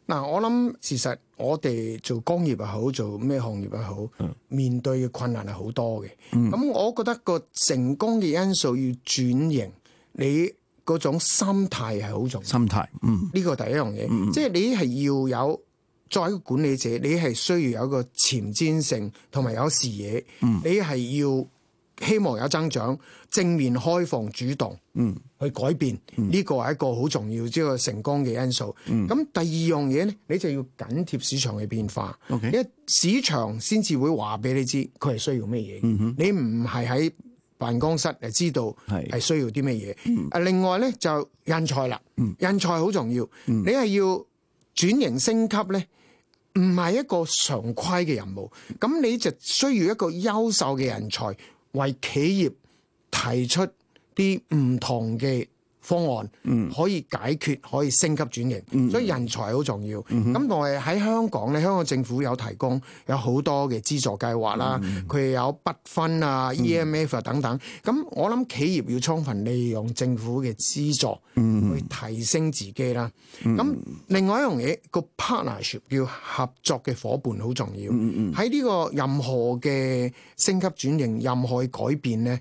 嗱，我諗其實，我哋做工業又好，做咩行業又好，面對嘅困難係好多嘅。咁、嗯、我覺得個成功嘅因素要轉型你。嗰種心態係好重要，心態，嗯，呢個第一樣嘢，嗯、即係你係要有作為一個管理者，你係需要有一個前瞻性同埋有視野，嗯、你係要希望有增長，正面開放主動，嗯，去改變，呢、嗯、個係一個好重要即係、呢個、成功嘅因素。咁、嗯、第二樣嘢咧，你就要緊貼市場嘅變化，嗯 okay? 因為市場先至會話俾你知佢係需要咩嘢，你唔係喺。辦公室係知道係需要啲咩嘢啊。的另外咧就人才啦，人才好重要。嗯、你係要轉型升級咧，唔係一個常規嘅任務，咁你就需要一個優秀嘅人才為企業提出啲唔同嘅方案、嗯、可以解決，可以升級轉型，嗯、所以人才好重要。咁、嗯、哼我喺香港咧，香港政府有提供有好多嘅資助計劃啦，佢、嗯、有不分啊 EMF 啊等等。咁、嗯、我諗企業要充分利用政府嘅資助、嗯、去提升自己啦。咁、嗯、另外一樣嘢，個 partnership 叫合作嘅伙伴好重要。喺呢、嗯嗯嗯嗯、個任何嘅升級轉型、任何改變呢。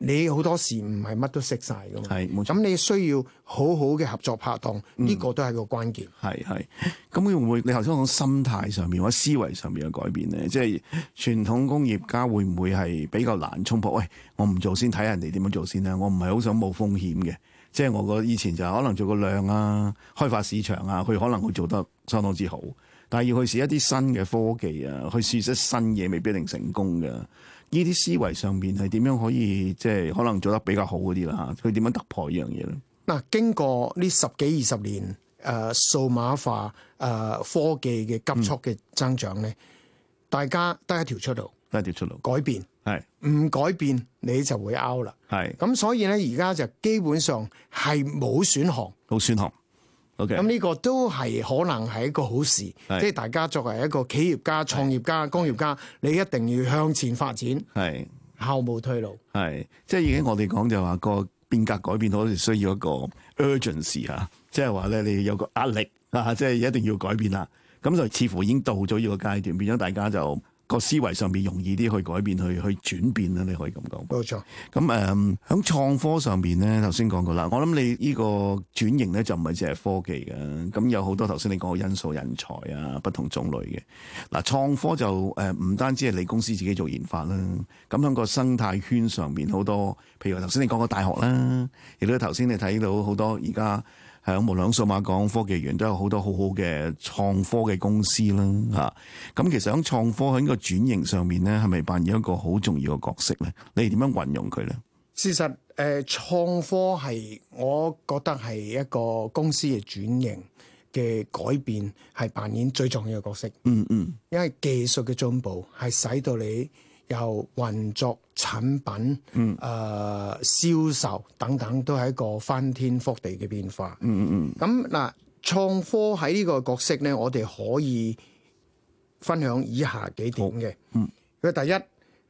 你好多時唔係乜都識曬嘅嘛，係，冇錯。咁你需要好好嘅合作拍檔，呢、嗯、個都係個關鍵。係係，咁會唔會你頭先講心態上面或者思維上面嘅改變咧？即係傳統工業家會唔會係比較難衝破？喂，我唔做先睇下人哋點樣做先啦。我唔係好想冒風險嘅，即係我個以前就可能做個量啊、開發市場啊，佢可能會做得相當之好，但係要去試一啲新嘅科技啊，去試一啲新嘢，未必一定成功嘅。呢啲思維上邊係點樣可以即係可能做得比較好嗰啲啦？嚇，佢點樣突破呢樣嘢咧？嗱，經過呢十幾二十年誒、呃、數碼化誒、呃、科技嘅急速嘅增長咧，嗯、大家得一條出路，得一條出路，改變係唔是改變，你就會 out 啦。係咁是，所以咧而家就基本上係冇選項，冇選項。咁呢 Okay. 個都係可能係一個好事，是即係大家作為一個企業家、創業家、工業家，是你一定要向前發展，是後無退路。係，即係已經我哋講就話個變革改變，好似需要一個 urgency 嚇，即係話咧你有個壓力啊，即係一定要改變啦。咁就似乎已經到咗呢個階段，變咗大家就。個思維上面容易啲去改變，去去轉變啦。你可以咁講，冇錯。咁誒、嗯，喺創科上面咧，頭先講過啦。我諗你呢個轉型咧就唔係淨係科技嘅，咁有好多頭先你講嘅因素、人才啊，不同種類嘅嗱。創、啊、科就誒唔單止係你公司自己做研發啦，咁響個生態圈上面，好多，譬如話頭先你講個大學啦，亦都頭先你睇到好多而家。喺無量數碼港科技園都有好多好好嘅創科嘅公司啦，吓、啊、咁其實喺創科喺呢個轉型上面咧，係咪扮演一個好重要嘅角色咧？你哋點樣運用佢咧？事實誒、呃、創科係我覺得係一個公司嘅轉型嘅改變，係扮演最重要嘅角色。嗯嗯，因為技術嘅進步係使到你。由運作產品、誒、嗯呃、銷售等等，都係一個翻天覆地嘅變化。嗯嗯嗯。咁、嗯、嗱，創科喺呢個角色咧，我哋可以分享以下幾點嘅。嗯。佢第一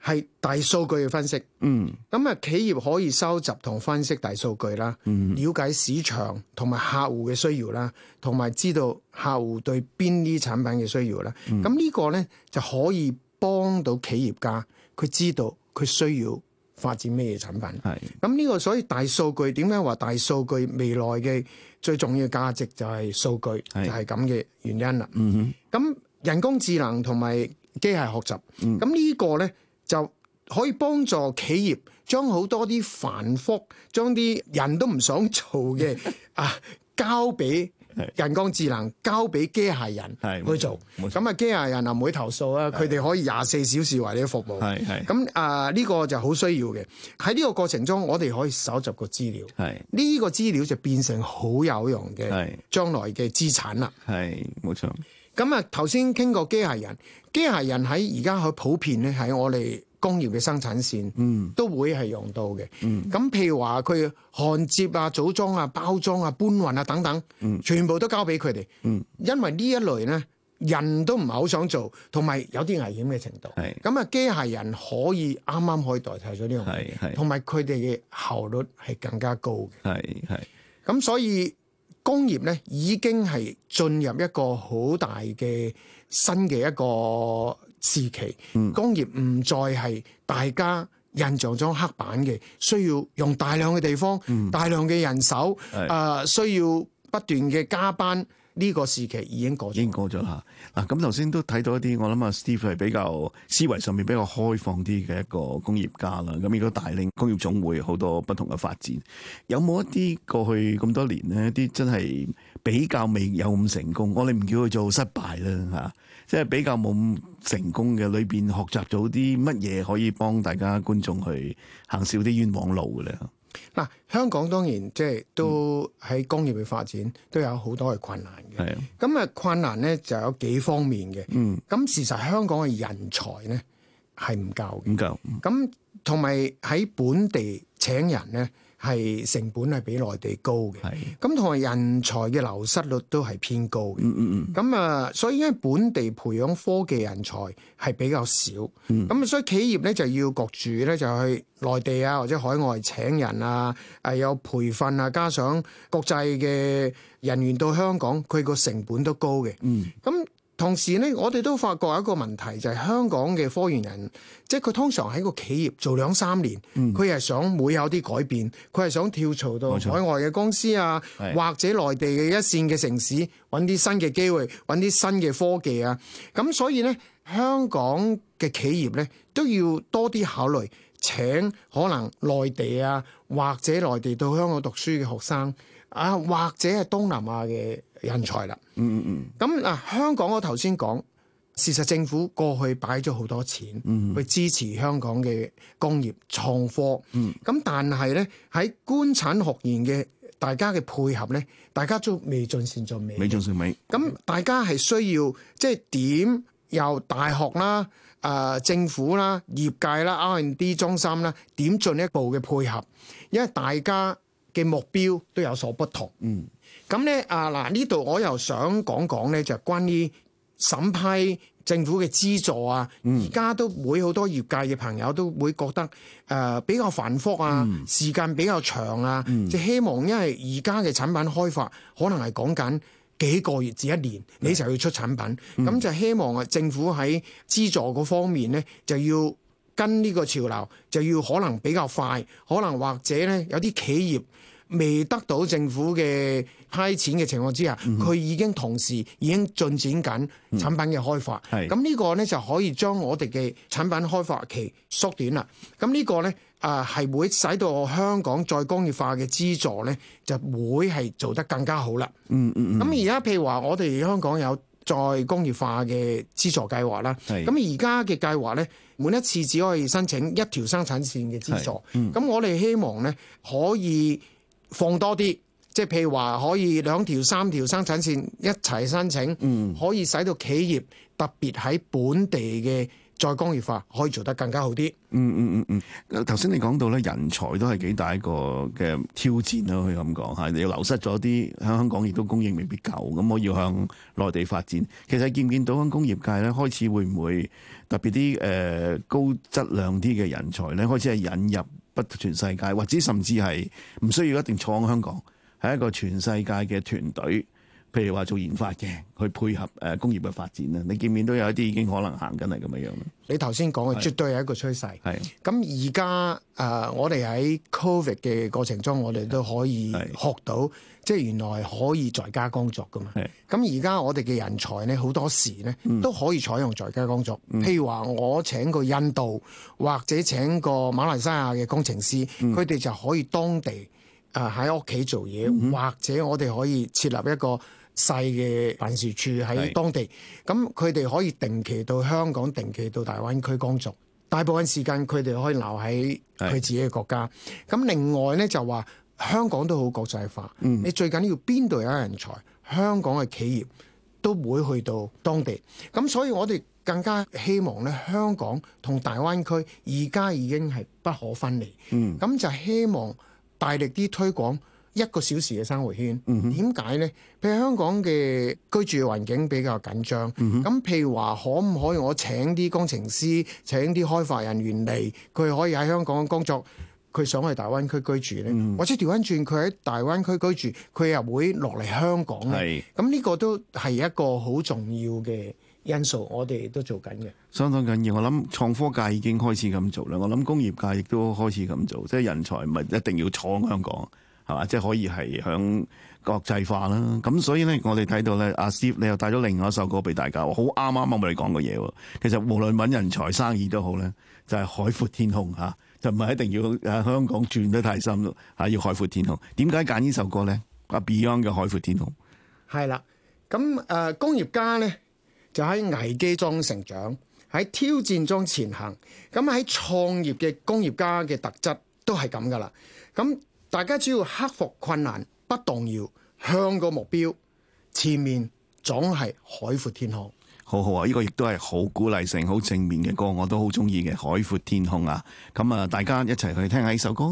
係大數據嘅分析。嗯。咁啊，企業可以收集同分析大數據啦，嗯、了解市場同埋客戶嘅需要啦，同埋知道客戶對邊啲產品嘅需要啦。咁、嗯、呢個咧就可以。幫到企業家，佢知道佢需要發展咩產品。係咁，呢個，所以大數據點解話大數據未來嘅最重要價值就係數據，是就係咁嘅原因啦。嗯哼，咁人工智能同埋機械學習，咁、嗯、呢個咧就可以幫助企業將好多啲繁複、將啲人都唔想做嘅 [LAUGHS] 啊交俾。是人工智能交俾機械人去做，咁啊機械人又唔會投訴啊，佢哋是可以廿四小時為你服務。係係，咁啊呢個就好需要嘅。喺呢個過程中，我哋可以搜集個資料，呢是個資料就變成好有用嘅將來嘅資產啦。係冇錯。咁啊頭先傾過機械人，機械人喺而家好普遍咧，喺我哋。工業嘅生產線，嗯，都會係用到嘅，嗯，咁 [NOISE] 譬如話佢焊接啊、組裝啊、包裝啊、搬運啊等等，嗯，全部都交俾佢哋，嗯， [NOISE] 因為呢一類咧，人都唔係好想做，同埋有啲危險嘅程度，係是，咁啊，機械人可以啱啱可以代替咗呢樣，係係是，同埋佢哋嘅效率係更加高嘅，係係，咁所以工業咧已經係進入一個好大嘅新嘅一個時期，工業唔再係大家印象中黑板嘅，需要用大量嘅地方，嗯、大量嘅人手，啊是的、呃，需要不斷嘅加班。呢、這個時期已經過咗，已經過咗啦。嗱、啊，咁頭先都睇到一啲，我諗啊，Steve 係比較思維上面比較開放啲嘅一個工業家啦。咁應該帶領工業總會好多不同嘅發展。有冇一啲過去咁多年呢？一啲真係比較未有咁成功？我哋唔叫佢做失敗啦，嚇、啊。即係比較冇咁成功嘅裏邊，裡面學習咗啲乜嘢可以幫大家觀眾去行少啲冤枉路嘅咧？嗱，香港當然即係都喺工業嘅發展都有好多嘅困難嘅。係啊、嗯，咁啊困難咧就有幾方面嘅。嗯，咁事實香港嘅人才咧係唔夠嘅。唔夠。咁同埋喺本地請人咧，係成本係比內地高嘅，咁同埋人才嘅流失率都係偏高嘅。嗯嗯嗯。咁啊，所以喺本地培養科技人才係比較少。咁啊、嗯，所以企業咧就要焗住咧就去內地啊，或者海外請人啊，係、啊、有培訓啊，加上國際嘅人員到香港，佢個成本都高嘅。嗯。咁。同時咧，我哋都發覺有一個問題，就係、是、香港嘅科研人，即係佢通常喺個企業做兩三年，佢係、嗯、想會有啲改變，佢係想跳槽到海外嘅公司啊，冇錯、或者內地嘅一線嘅城市搵啲新嘅機會，搵啲新嘅科技啊。咁所以咧，香港嘅企業咧都要多啲考慮請可能內地啊，或者內地到香港讀書嘅學生啊，或者係東南亞嘅。人才啦、嗯，嗯嗯嗯，咁啊，香港我頭先講，事實政府過去擺咗好多錢去、嗯、支持香港嘅工業創科，嗯，咁但係咧喺官產學研嘅大家嘅配合咧，大家都未盡善盡美，未盡善美，咁大家係需要即係點由大學啦、啊、呃、政府啦、業界啦、R&D 中心啦，點進一步嘅配合，因為大家嘅目標都有所不同，嗯。咁咧啊嗱，呢度我又想講講咧，就關於審批政府嘅資助啊。而家、嗯、都會好多業界嘅朋友都會覺得誒、呃、比較繁複啊，嗯、時間比較長啊。嗯、就希望因為而家嘅產品開發可能係講緊幾個月至一年，你就要出產品。咁、嗯、就希望啊，政府喺資助嗰方面咧，就要跟呢個潮流，就要可能比較快，可能或者咧有啲企業，未得到政府嘅批錢嘅情況之下，佢、mm hmm. 已經同時已經進展緊產品嘅開發。咁呢、mm hmm. 個呢，就可以將我哋嘅產品開發期縮短啦。咁呢個呢，誒、呃、係會使到我香港再工業化嘅資助呢，就會係做得更加好啦。嗯嗯，咁而家譬如話，我哋香港有再工業化嘅資助計劃啦。咁而家嘅計劃呢，每一次只可以申請一條生產線嘅資助。咁我哋希望呢，可、hmm. 以、mm。Hmm. Mm hmm. 放多啲，即係譬如話可以兩條三條生產線一齊申請，嗯，可以使到企業特別喺本地嘅再工業化可以做得更加好啲。嗯。嗯嗯嗯嗯，頭先你講到咧，人才都係幾大一個嘅挑戰啦，可以咁講，嚇。你要流失咗啲喺香港，亦都供應未必夠，咁我要向內地發展。其實見唔見到響工業界咧，開始會唔會特別啲誒高質量啲嘅人才咧，開始係引入？不全世界，或者甚至係唔需要一定坐香港，係一個全世界嘅團隊。譬如話做研發嘅，去配合誒工業嘅發展啦。你見面都有一啲已經可能行緊係咁嘅樣。你頭先講嘅絕對係一個趨勢。係的。咁而家誒，我哋喺 Covid 嘅過程中，我哋都可以學到，的即係原來可以在家工作㗎嘛。係的。咁而家我哋嘅人才咧，好多時咧都可以採用在家工作。嗯、譬如話，我請個印度或者請個馬來西亞嘅工程師，佢哋、嗯、就可以當地誒喺屋企做嘢，呃、或者我哋可以設立一個。細嘅辦事處喺當地，咁佢哋可以定期到香港，定期到大灣區工作。大部分時間佢哋可以留喺佢自己嘅國家。咁是另外呢，就話香港都好國際化，你、嗯、最緊要邊度有人才，香港嘅企業都會去到當地。咁所以我哋更加希望呢，香港同大灣區而家已經係不可分離。嗯，咁就希望大力啲推廣。一個小時嘅生活圈，點解呢？譬如香港嘅居住環境比較緊張，咁譬如話，可唔可以我請啲工程師、請啲開發人員嚟，佢可以喺香港工作，佢想去大灣區居住呢？嗯、或者調翻轉，佢喺大灣區居住，佢又會落嚟香港呢？咁呢是個都係一個好重要嘅因素，我哋都做緊嘅。相當緊要，我諗創科界已經開始咁做啦，我諗工業界亦都開始咁做，即、就、係、是、人才唔係一定要闖香港。係嘛，即係、 [MUSIC] 就是、可以係響國際化啦，咁所以咧，我哋睇到咧，阿、啊、Steve 你又帶咗另外一首歌俾大家，好啱啱我哋講嘅嘢。其實無論搵人才、生意都好咧，就係、是、海闊天空吓、啊，就唔係一定要喺香港轉得太深咯，吓、啊、要海闊天空。點解揀呢首歌咧？阿 Beyond 嘅《海闊天空》係啦，咁誒、呃，工業家咧就喺危機中成長，喺挑戰中前行，咁喺創業嘅工業家嘅特質都係咁噶啦，咁。大家只要克服困難，不動搖，向個目標，前面總係海闊天空。好好啊！呢個亦都係好鼓勵性、好正面嘅歌，我都好中意嘅《海闊天空》啊！咁啊，大家一齊去聽下呢首歌。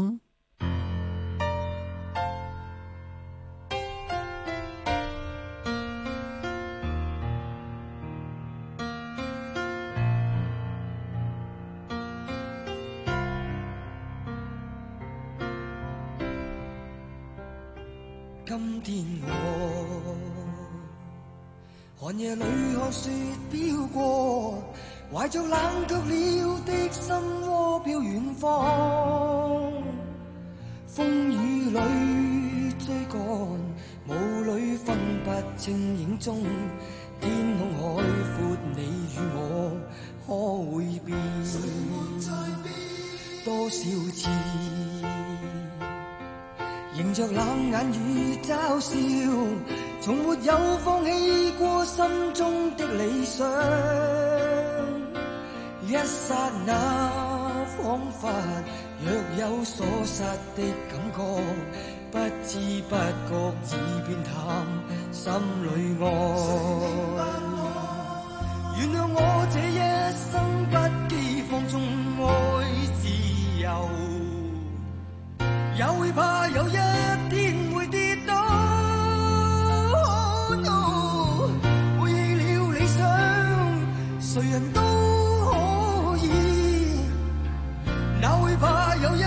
夜裡看雪飄過，懷著冷卻了的心窩飄遠方。風雨裡追趕，霧裡分不清影蹤。天空海闊，你與我可會變？誰沒在變？多少次？迎着冷眼與嘲笑，從沒有放棄過心中的理想。一剎那恍惚若有所失的感覺，不知不覺已變淡，心裏愛。誰明白我？原諒我這一生不羈放縱愛自由。也會怕有一天會跌倒，Oh no，背棄了理想，誰人都可以，哪會怕有一？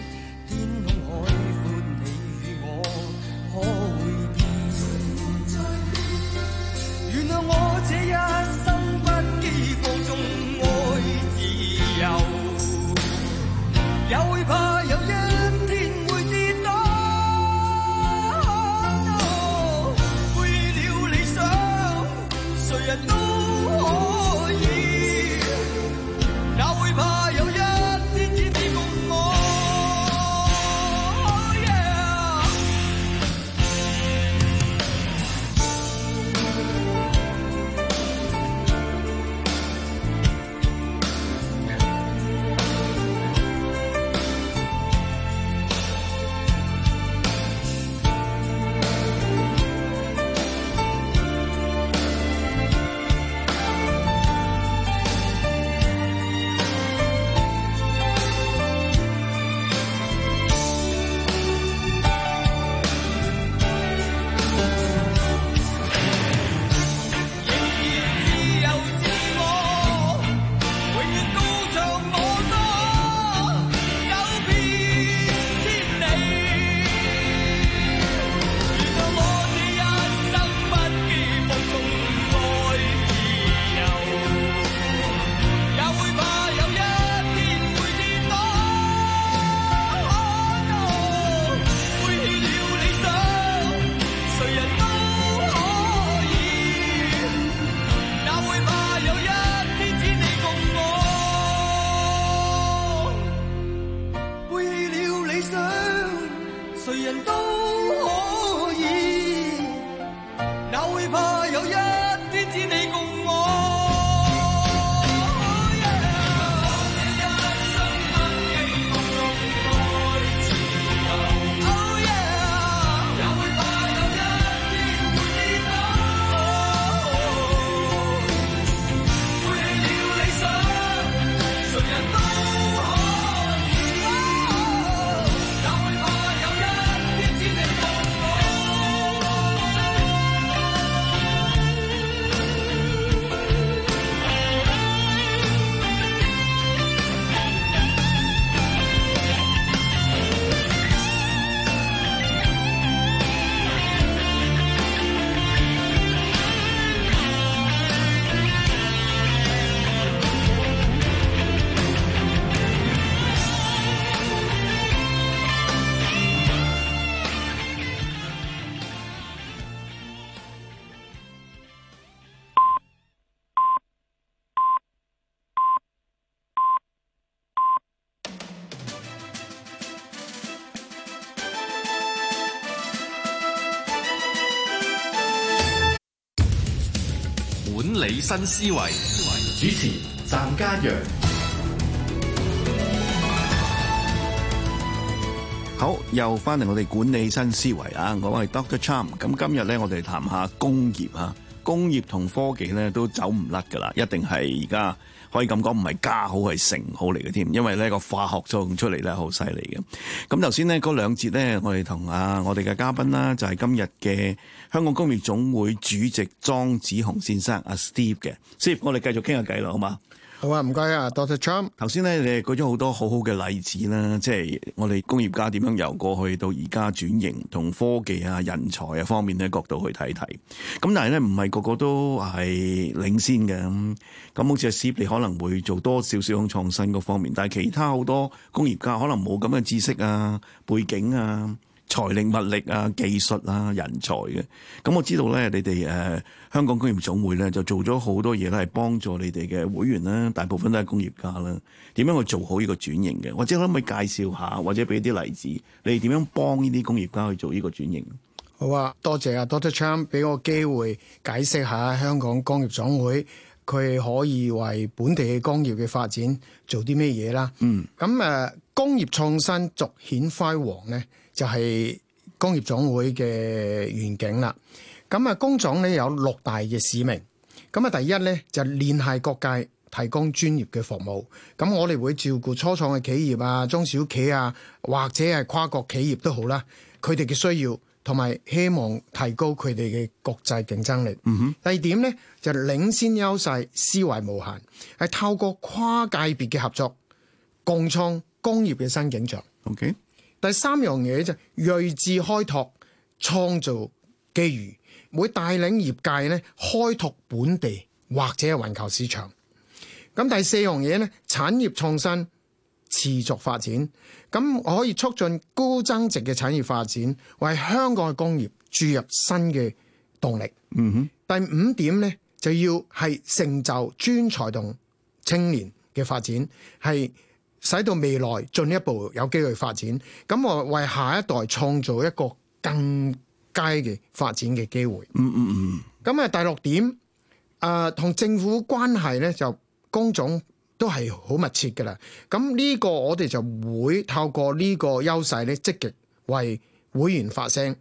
以新思維主持，湛家揚。好，又翻嚟，我哋管理新思維啊！我係 Doctor Cham，咁今日咧，我哋談下工業啊。工業同科技咧都走唔甩噶啦，一定係，而家可以咁講，唔係加好係成好嚟嘅添，因為呢個化學作用出嚟咧好犀利嘅。咁頭先呢，嗰兩節咧，我哋同啊我哋嘅嘉賓啦，就係今日嘅香港工業總會主席莊子雄先生阿 Steve 嘅，Steve，我哋繼續傾下偈啦，好嘛？好啊，唔該啊，Doctor Trump。頭先咧，你係舉咗好多好好嘅例子啦，即係我哋工業家點樣由過去到而家轉型，同科技啊、人才啊方面咧角度去睇睇。咁但係咧，唔係個個都係領先嘅。咁好似阿 Shib，你可能會做多少少創新個方面，但係其他好多工業家可能冇咁嘅知識啊、背景啊。財力、物力啊、技術啊、人才嘅，咁、嗯、我知道咧，你哋誒香港工業總會咧就做咗好多嘢咧，係幫助你哋嘅會員啦。大部分都係工業家啦。點樣去做好呢個轉型嘅？或者可唔可以介紹下，或者俾啲例子，你哋點樣幫呢啲工業家去做呢個轉型？好啊，多謝啊，Doctor Cham，俾我機會解釋下香港工業總會佢可以為本地嘅工業嘅發展做啲咩嘢啦。嗯，咁誒、呃，工業創新逐顯輝煌咧。就係工業總會嘅願景啦。咁啊，工總咧有六大嘅使命。咁啊，第一咧就係聯繫各界，提供專業嘅服務。咁我哋會照顧初創嘅企業啊、中小企啊，或者係跨國企業都好啦。佢哋嘅需要同埋希望提高佢哋嘅國際競爭力。Mm hmm. 第二點咧就係領先優勢，思維無限，係透過跨界別嘅合作，共創工業嘅新景象。OK。第三樣嘢就係睿智開拓，創造機遇，會帶領業界咧開拓本地或者係環球市場。咁第四樣嘢咧，產業創新持續發展，咁可以促進高增值嘅產業發展，為香港嘅工業注入新嘅動力。嗯哼。第五點咧，就要係成就專才同青年嘅發展，係。使到未來進一步有機會發展，咁我為下一代創造一個更佳嘅發展嘅機會。嗯嗯嗯。咁、嗯、啊，嗯、第六點，啊、呃、同政府關係咧就工總都係好密切㗎喇。咁呢個我哋就會透過個優勢呢個優勢咧，積極為會員發聲。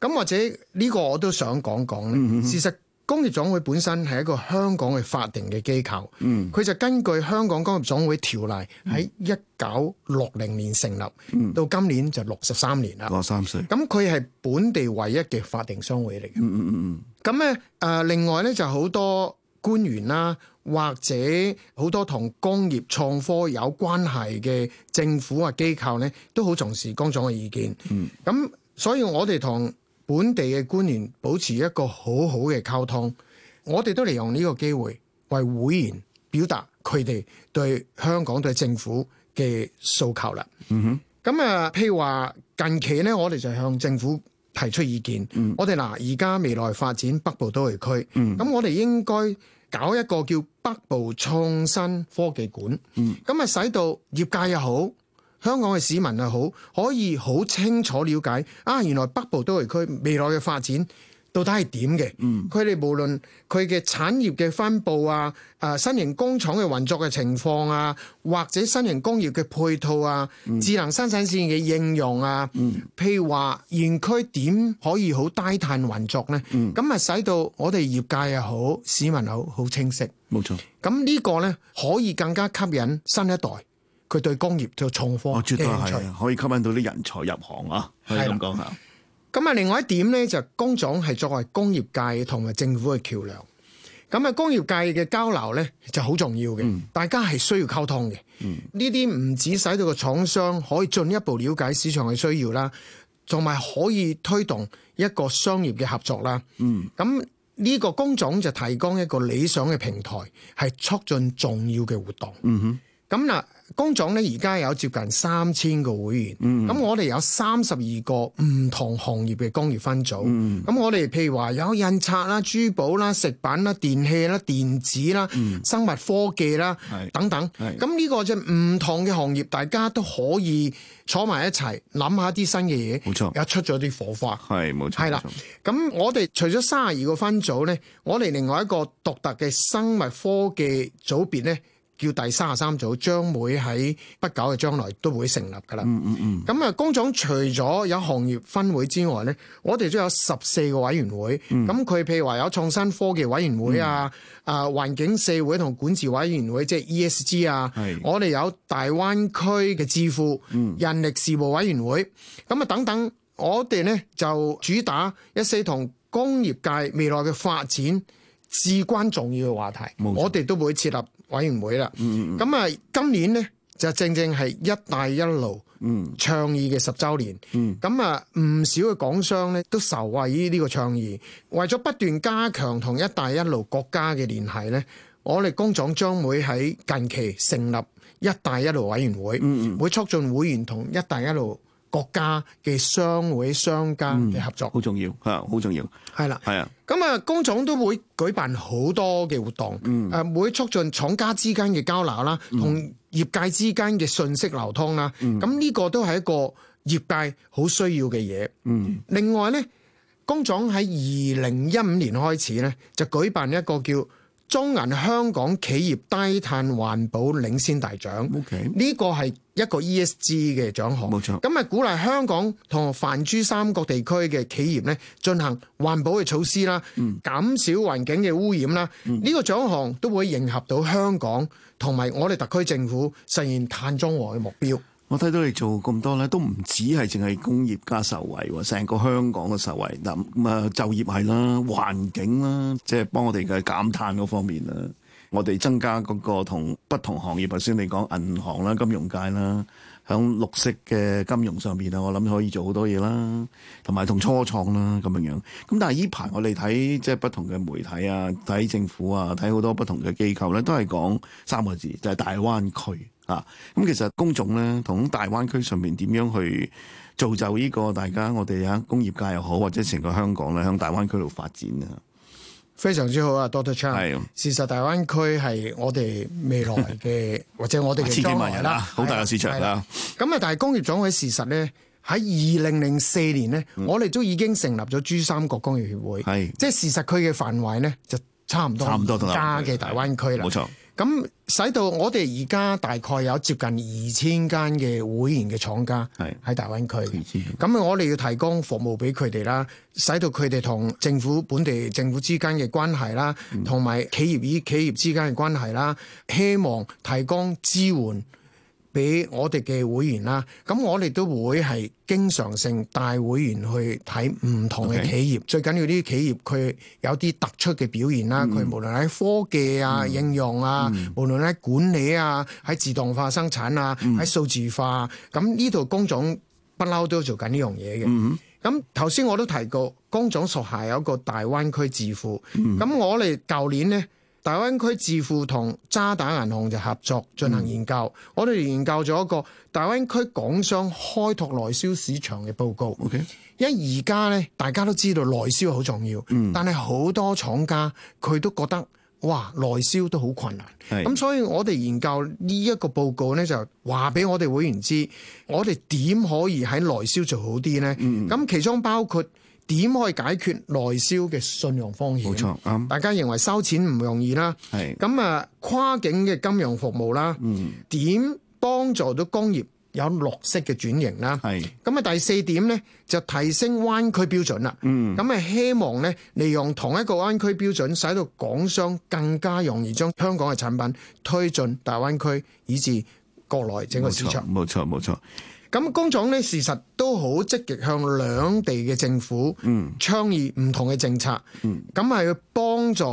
咁或者呢個我都想講講咧。事、嗯嗯嗯、實。工業總會本身係一個香港嘅法定嘅機構，佢、嗯、就根據香港工業總會條例喺一九六零年成立，嗯、到今年就六十三年啦。六十三歲。咁佢係本地唯一嘅法定商會嚟嘅、嗯。嗯嗯嗯咁咧誒，另外咧就好多官員啦，或者好多同工業創科有關係嘅政府啊機構咧，都好重視工總嘅意見。嗯。咁所以，我哋同本地嘅官員保持一個好好嘅溝通，我哋都利用呢個機會為會員表達佢哋對香港對政府嘅訴求啦。嗯哼、mm，咁、hmm. 啊，譬如話近期咧，我哋就向政府提出意見。Mm hmm. 我哋嗱，而家未來發展北部都會區。嗯、mm，咁、hmm. 我哋應該搞一個叫北部創新科技館。嗯、mm，咁啊，使到業界又好。香港嘅市民又好，可以好清楚了解啊！原來北部都會區未來嘅發展到底係點嘅？佢哋、嗯、無論佢嘅產業嘅分佈啊、誒、啊、新型工廠嘅運作嘅情況啊，或者新型工業嘅配套啊、嗯、智能生產線嘅應用啊，譬、嗯、如話園區點可以好低碳運作呢？咁咪使到我哋業界又好，市民好好清晰。冇錯，咁呢個呢，可以更加吸引新，新一代。佢對工業做創科嘅興趣，絕對係可以吸引到啲人才入行啊！可以咁講嚇。咁啊，另外一點咧，就工總係作為工業界同埋政府嘅橋梁。咁啊，工業界嘅交流咧就好重要嘅，嗯、大家係需要溝通嘅。呢啲唔止使到個廠商可以進一步了解市場嘅需要啦，同埋可以推動一個商業嘅合作啦。嗯。咁呢個工總就提供一個理想嘅平台，係促進重要嘅活動。嗯哼。咁嗱、嗯。工種咧，而家有接近三千個會員。咁、嗯、我哋有三十二個唔同行業嘅工業分組。咁、嗯、我哋譬如話有印刷啦、珠寶啦、食品啦、電器啦、電子啦、嗯、生物科技啦是等等。咁呢是個即係唔同嘅行業，大家都可以坐埋一齊諗下啲新嘅嘢。冇錯錯，又出咗啲火花。係冇錯。係啦，咁我哋除咗三十二個分組咧，我哋另外一個獨特嘅生物科技組別咧。要第三十三組將會喺不久嘅將來都會成立㗎啦、嗯。嗯嗯嗯。咁啊，工總除咗有行業分會之外呢，我哋都有十四個委員會。咁佢、嗯、譬如話有創新科技委員會、嗯、啊，啊環境社會同管治委員會，即係 E S G 啊是。我哋有大灣區嘅支付人力事務委員會，咁啊等等，我哋呢就主打一些同工業界未來嘅發展至關重要嘅話題，錯我哋都會設立。委員會啦，咁啊、嗯，嗯、今年呢，就正正係一帶一路、嗯、倡議嘅十周年，咁啊、嗯，唔少嘅港商咧都受惠於呢個倡議，為咗不斷加強同一帶一路國家嘅聯繫呢，我哋工總將會喺近期成立一帶一路委員會，嗯嗯、會促進會員同一帶一路。國家嘅商會、商家嘅合作好重要嚇，好、嗯、重要。係啦，係啊。咁啊的，的工總都會舉辦好多嘅活動，誒、嗯，會促進廠家之間嘅交流啦，同、嗯、業界之間嘅信息流通啦。咁呢、嗯、個都係一個業界好需要嘅嘢。嗯。另外呢，工總喺二零一五年開始呢，就舉辦一個叫中銀香港企業低碳環保領先大獎。OK，呢、嗯、個係，一個 ESG 嘅獎項，冇錯，咁啊鼓勵香港同泛珠三角地區嘅企業咧進行環保嘅措施啦，減少環境嘅污染啦。呢個獎項都會迎合到香港同埋我哋特區政府實現碳中和嘅目標。我睇到你做咁多咧，都唔止係淨係工業家受惠，成個香港嘅受惠嗱，咁啊就業係啦，環境啦，即係幫我哋嘅減碳嗰方面啦。我哋增加嗰個同不同行業，頭先你講銀行啦、金融界啦，響綠色嘅金融上面，啊，我諗可以做好多嘢啦，同埋同初創啦咁嘅樣。咁但係呢排我哋睇即係不同嘅媒體啊，睇政府啊，睇好多不同嘅機構呢，都係講三個字，就係、是、大灣區啊。咁其實公眾呢，同大灣區上面點樣去造就呢、這個大家？我哋喺工業界又好，或者成個香港咧，向大灣區度發展啊。非常之好啊，Doctor Chan 的。係事實，大灣區係我哋未來嘅， [LAUGHS] 或者我哋嘅千幾萬人啦，好 [LAUGHS] 大嘅市場啦。咁啊， [LAUGHS] 但係工業總會事實咧，喺二零零四年咧，我哋都已經成立咗珠三角工業協會，係的即係事實，佢嘅範圍咧就差唔多，多，差唔多，家嘅大灣區啦。冇錯。咁使到我哋而家大概有接近二千間嘅會員嘅廠家，係喺大灣區，咁我哋要提供服務俾佢哋啦，使到佢哋同政府本地政府之間嘅關係啦，同埋企業與企業之間嘅關係啦，希望提供支援。俾我哋嘅會員啦，咁我哋都會係經常性帶會員去睇唔同嘅企業，Okay. 最緊要呢啲企業佢有啲突出嘅表現啦。佢、mm hmm. 無論喺科技啊、應用啊，mm hmm. 無論喺管理啊，喺自動化生產啊，喺數、mm hmm. 字化，咁呢度工總不嬲都做緊呢樣嘢嘅。咁頭先我都提過，工總屬下有一個大灣區智庫。咁、mm hmm. 我哋舊年呢。大灣區自負同渣打銀行就合作進行研究，嗯、我哋研究咗一個大灣區港商開拓內銷市場嘅報告。Okay. 因為而家呢，大家都知道內銷好重要，嗯、但係好多廠家佢都覺得哇，內銷都好困難。咁是所以我哋研究呢一個報告呢，就話俾我哋會員知，我哋點可以喺內銷做好啲呢？咁、嗯、其中包括。點可以解決內銷嘅信用風險？冇錯，大家認為收錢唔容易啦。係咁啊，跨境嘅金融服務啦，點、嗯、幫助到工業有綠色嘅轉型啦？係咁啊，第四點呢，就提升灣區標準啦。嗯，咁啊，希望呢，利用同一個灣區標準，使到港商更加容易將香港嘅產品推進大灣區以至國內整個市場。冇錯，冇錯，冇錯。咁工總呢，事實都好積極向兩地嘅政府倡議唔同嘅政策，咁係、嗯、去幫助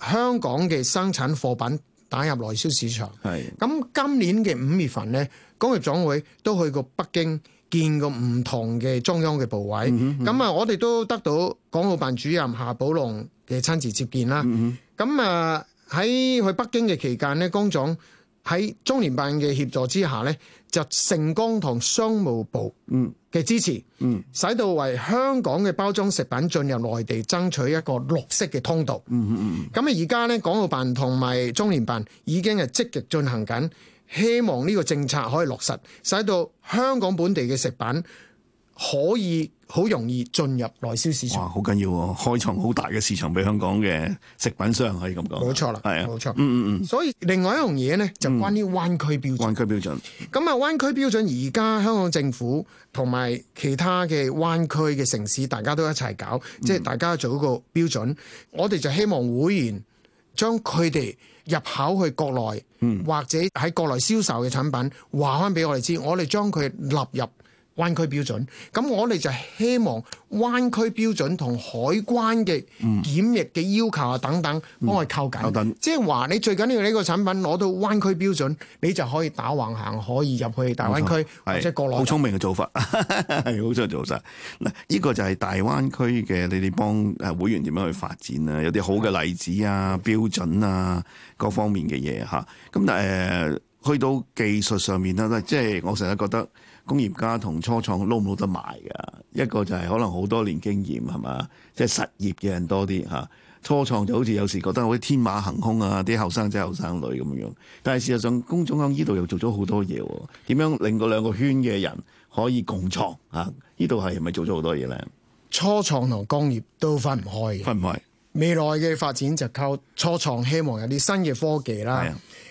香港嘅生產貨品打入內銷市場。係咁是，今年嘅五月份呢，工業總會都去過北京，見過唔同嘅中央嘅部委。咁啊、嗯，嗯、我哋都得到港澳辦主任夏寶龍嘅親自接見啦。咁啊、嗯，喺、嗯、去北京嘅期間呢，工總。喺中聯辦嘅協助之下呢，就成功同商務部嘅支持，嗯、使到為香港嘅包裝食品進入內地爭取一個綠色嘅通道。咁啊、嗯，而、嗯、家呢，港澳辦同埋中聯辦已經係積極進行緊，希望呢個政策可以落實，使到香港本地嘅食品可以。好容易進入內銷市場，好緊要喎，開創好大嘅市場俾香港嘅食品商，可以咁講。冇錯啦，係啊的，冇錯，嗯嗯嗯。所以另外一樣嘢咧，就關於灣區標準。嗯、灣區標準。咁啊，灣區標準而家香港政府同埋其他嘅灣區嘅城市，大家都一齊搞，即係大家做一個標準。嗯、我哋就希望會員將佢哋入口去國內，嗯、或者喺國內銷售嘅產品話翻俾我哋知，我哋將佢納入。灣區標準，咁我哋就希望灣區標準同海關嘅檢疫嘅要求啊等等，幫我哋扣緊。嗯嗯嗯、即係話你最緊要呢個產品攞到灣區標準，你就可以打橫行，可以入去大灣區錯或者國內。好聰明嘅做法，係好聰明做法。嗱、依、呢個就係大灣區嘅，你哋幫誒會員點樣去發展啊？有啲好嘅例子啊、標準啊，各方面嘅嘢吓。咁但係誒，去到技術上面咧，即係我成日覺得。工業家同初創撈唔撈得埋㗎，一個就係可能好多年經驗係嘛，即係實業嘅人多啲吓。初創就好似有時覺得好似天馬行空啊，啲後生仔後生女咁樣。但係事實上，工總喺呢度又做咗好多嘢，點樣令嗰兩個圈嘅人可以共創吓？呢度係咪做咗好多嘢咧？初創同工業都分唔開，分唔開。未來嘅發展就靠初創，希望有啲新嘅科技啦。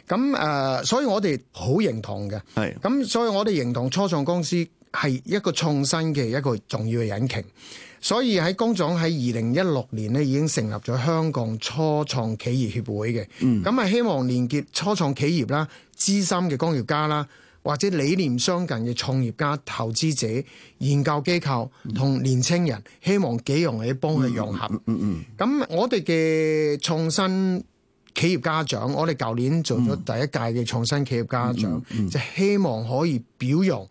咁誒、呃，所以我哋好認同嘅。係是，咁所以我哋認同初創公司係一個創新嘅一個重要嘅引擎。所以喺工總喺二零一六年咧已經成立咗香港初創企業協會嘅。嗯。咁啊，希望連結初創企業啦、資深嘅工業家啦，或者理念相近嘅創業家、投資者、研究機構同年青人，嗯、希望幾容易幫佢融合。嗯嗯。咁我哋嘅創新企業家獎，我哋舊年做咗第一屆嘅創新企業家獎，mm hmm. mm hmm. 就希望可以表揚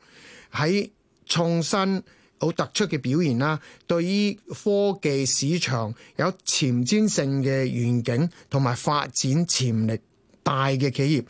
喺創新好突出嘅表現啦，對於科技市場有前瞻性嘅願景同埋發展潛力大嘅企業，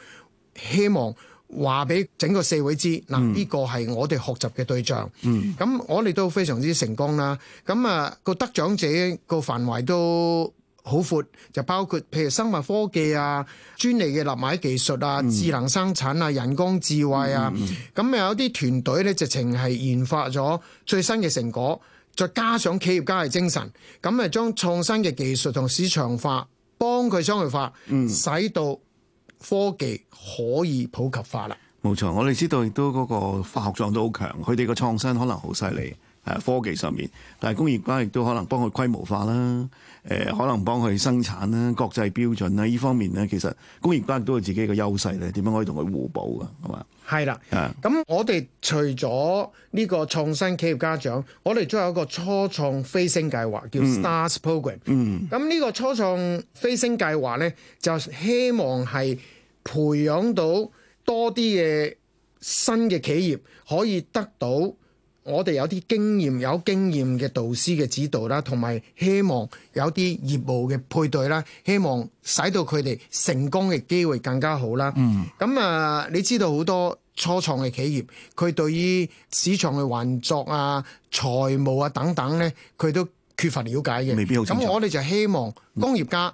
希望話俾整個社會知，嗱，呢個係我哋學習嘅對象。咁、mm hmm. 我哋都非常之成功啦。咁啊，個得獎者個範圍都～好闊，就包括譬如生物科技啊、專利嘅立買技術啊、嗯、智能生產啊、人工智慧啊，咁、嗯、有啲團隊咧直情係研發咗最新嘅成果，再加上企業家嘅精神，咁咪將創新嘅技術同市場化，幫佢商業化，嗯、使到科技可以普及化啦。冇、嗯、錯，我哋知道亦都嗰個化學狀都好強，佢哋嘅創新可能好犀利，誒科技上面，但係工業家亦都可能幫佢規模化啦。誒、呃、可能幫佢生產啦、國際標準啦，呢方面呢，其實工業家都有自己嘅優勢咧，點樣可以同佢互補噶？係嘛？係啦的，咁的我哋除咗呢個創新企業家獎，我哋仲有一個初創飛升計劃，叫 Stars Programme。嗯。咁、嗯、呢個初創飛升計劃呢，就希望係培養到多啲嘅新嘅企業，可以得到。我哋有啲經驗，有經驗嘅導師嘅指導啦，同埋希望有啲業務嘅配對啦，希望使到佢哋成功嘅機會更加好啦。嗯，咁啊，你知道好多初創嘅企業，佢對於市場嘅運作啊、財務啊等等呢，佢都缺乏了解嘅。未必好清楚。咁我哋就希望工業家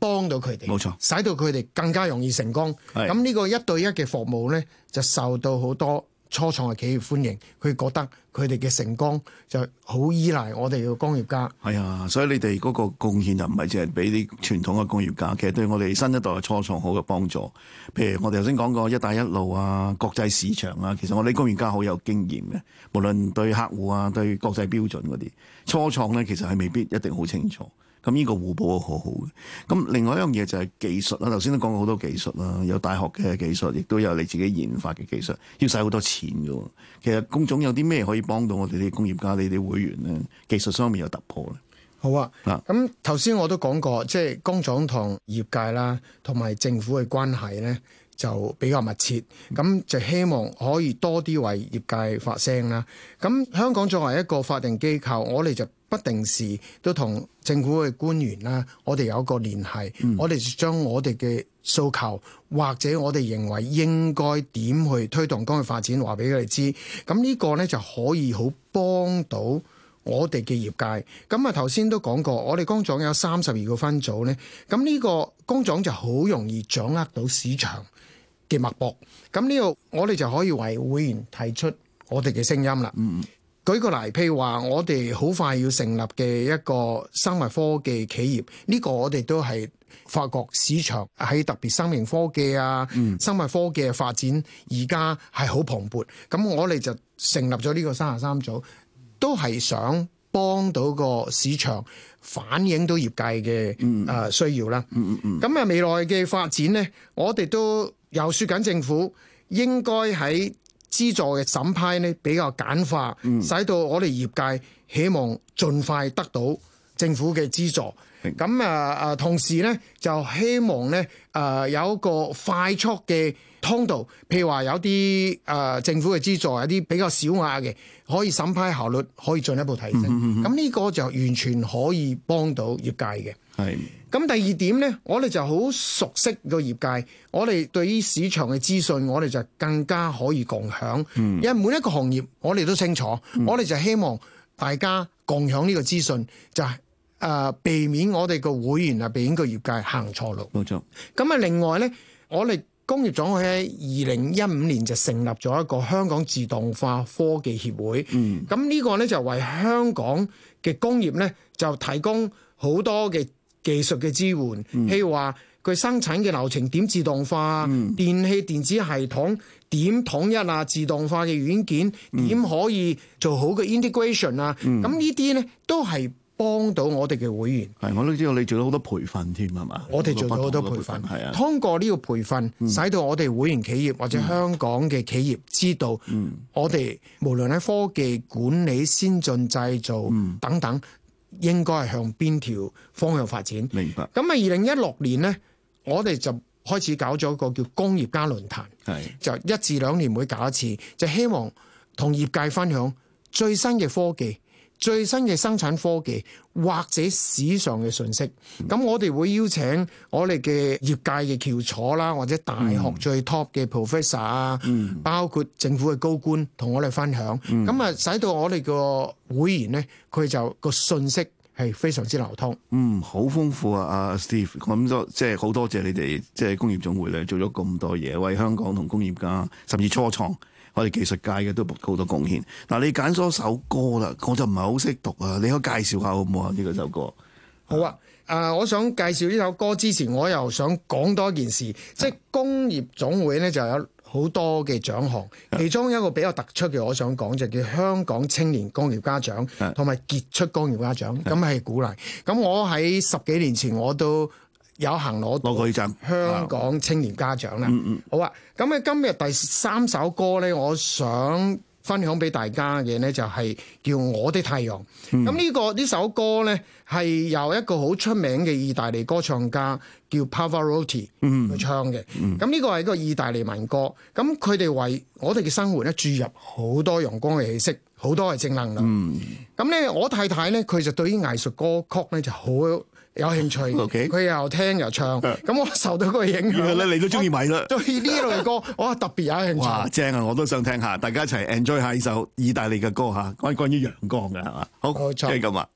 幫到佢哋，嗯、嗯、冇錯，使到佢哋更加容易成功。咁呢是個一對一嘅服務呢，就受到好多初創嘅企業歡迎，佢覺得佢哋嘅成功就好依賴我哋嘅工業家。係啊、哎，所以你哋嗰個貢獻就唔係淨係俾啲傳統嘅工業家，其實對我哋新一代嘅初創好有幫助。譬如我哋頭先講過一帶一路啊、國際市場啊，其實我哋工業家好有經驗嘅，無論對客戶啊、對國際標準嗰啲，初創咧其實係未必一定好清楚。咁呢個互補都好好嘅。咁另外一樣嘢就係技術啦，頭先都講過好多技術啦，有大學嘅技術，亦都有你自己研發嘅技術，要使好多錢嘅喎。其實工總有啲咩可以幫到我哋啲工業家、你哋啲會員咧？技術上面有突破咧？好啊，嗱，咁頭先我都講過，即係工總同業界啦，同埋政府嘅關係咧。就比較密切，咁就希望可以多啲為業界發聲啦。咁香港作為一個法定機構，我哋就不定時都同政府嘅官員啦，我哋有個聯繫，嗯、我哋就將我哋嘅訴求或者我哋認為應該點去推動工業發展，話俾佢哋知。咁呢個呢，就可以好幫到我哋嘅業界。咁啊，頭先都講過，我哋工廠有三十二個分組呢，咁呢個工廠就好容易掌握到市場。嘅脈搏，咁呢度我哋就可以為會員提出我哋嘅聲音啦。嗯、舉個例，譬如話，我哋好快要成立嘅一個生物科技企業，呢個我哋都係發覺市場喺特別生命科技啊，嗯、生物科技嘅發展而家係好蓬勃。咁我哋就成立咗呢個三十三組，都係想幫到個市場反映到業界嘅啊需要啦。咁啊、嗯，嗯嗯、未來嘅發展咧，我哋都～又説緊政府應該喺資助嘅審批呢，比較簡化，嗯、使到我哋業界希望盡快得到政府嘅資助。咁啊啊，同時呢，就希望呢啊、呃、有一個快速嘅通道，譬如話有啲啊、呃、政府嘅資助有啲比較小額嘅，可以審批效率可以進一步提升。咁呢、嗯嗯嗯、個就完全可以幫到業界嘅。係、嗯。咁第二點呢，我哋就好熟悉個業界，我哋對於市場嘅資訊，我哋就更加可以共享。嗯、因為每一個行業，我哋都清楚，嗯、我哋就希望大家共享呢個資訊，就係、是、誒、呃、避免我哋個會員啊，避免個業界行錯路。冇錯。咁啊，另外呢，我哋工業總會喺二零一五年就成立咗一個香港自動化科技協會。嗯。咁呢個呢，就為香港嘅工業呢，就提供好多嘅。技術嘅支援，譬如話佢生產嘅流程點自動化，嗯、電器電子系統點統一啊，自動化嘅軟件點可以做好嘅 integration 啊，咁呢啲咧都係幫到我哋嘅會員。係、嗯，我都知道你做咗好多培訓添，係嘛？我哋做咗好多，多培訓，通過呢個培訓，使到、嗯、我哋會員企業或者香港嘅企業知道，嗯嗯、我哋無論喺科技、管理、先進製造等等。應該係向邊條方向發展？明白。咁啊，二零一六年呢，我哋就開始搞咗一個叫工業家論壇，的就一至兩年會搞一次，就希望同業界分享最新嘅科技。最新嘅生產科技或者史上嘅信息，咁、嗯、我哋會邀請我哋嘅業界嘅翹楚啦，或者大學最 top 嘅 professor 啊、嗯，包括政府嘅高官同我哋分享，咁啊使到我哋個會員呢，佢就個信息係非常之流通，嗯，好豐富啊！阿 Steve，咁就即係好多謝你哋，即係工業總會咧做咗咁多嘢，為香港同工業家甚至初創。我哋技術界嘅都做好多貢獻。嗱，你揀咗首歌啦，我就唔係好識讀啊。你可以介紹下好唔好，好啊？呢個首歌。好啊。誒，我想介紹呢首歌之前，我又想講多一件事。即係工業總會咧，就有好多嘅獎項，其中一個比較突出嘅，我想講就叫香港青年工業家獎同埋傑出工業家獎，咁係鼓勵。咁我喺十幾年前我都。有恆攞攞佢耳枕，香港青年家長啦、嗯。嗯嗯，好啊。咁啊，今日第三首歌咧，我想分享俾大家嘅咧，就係叫《我的太陽》。咁呢、嗯呢個呢首歌咧，係由一個好出名嘅意大利歌唱家叫 Pavarotti 去唱嘅。咁呢個係一個意大利民歌。咁佢哋為我哋嘅生活咧注入好多陽光嘅氣息，好多係正能量。咁咧、嗯，我太太咧，佢就對於藝術歌曲咧就好有興趣，佢 Okay? 又聽又唱，咁 [LAUGHS] 我受到個影響。原來咧，你都中意咪啦？對呢類歌， [LAUGHS] 我特別有興趣。哇，正啊！我都想聽下，大家一齊 enjoy 下呢首意大利嘅歌嚇，關關於陽光嘅係嘛？好，冇錯，即係咁啊！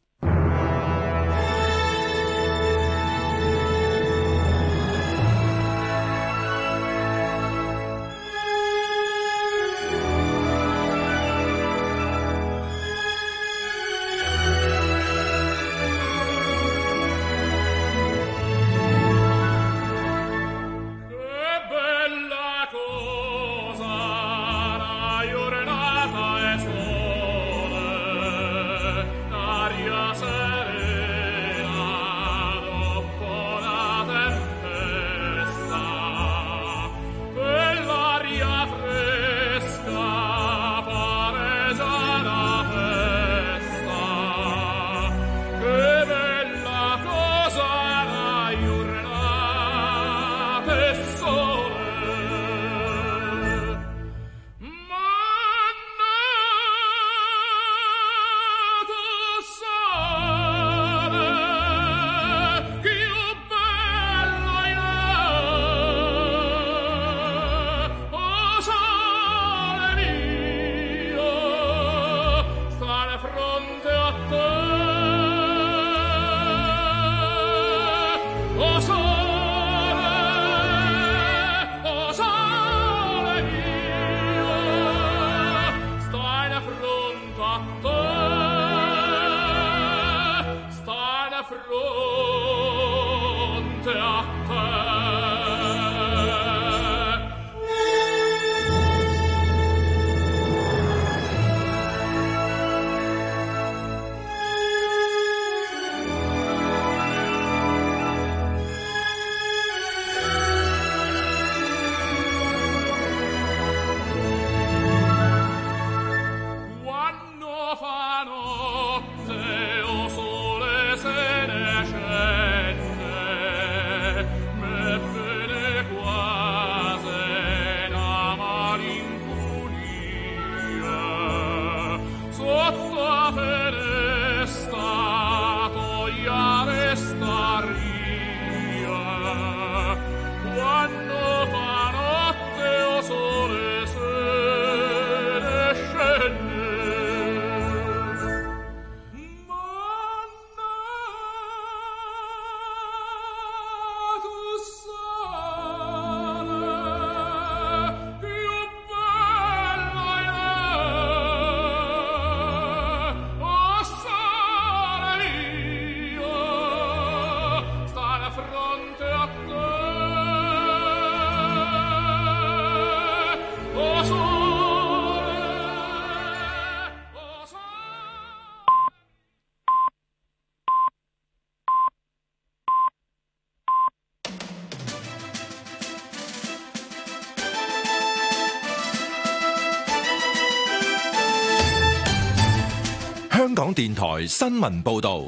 電台新聞報道，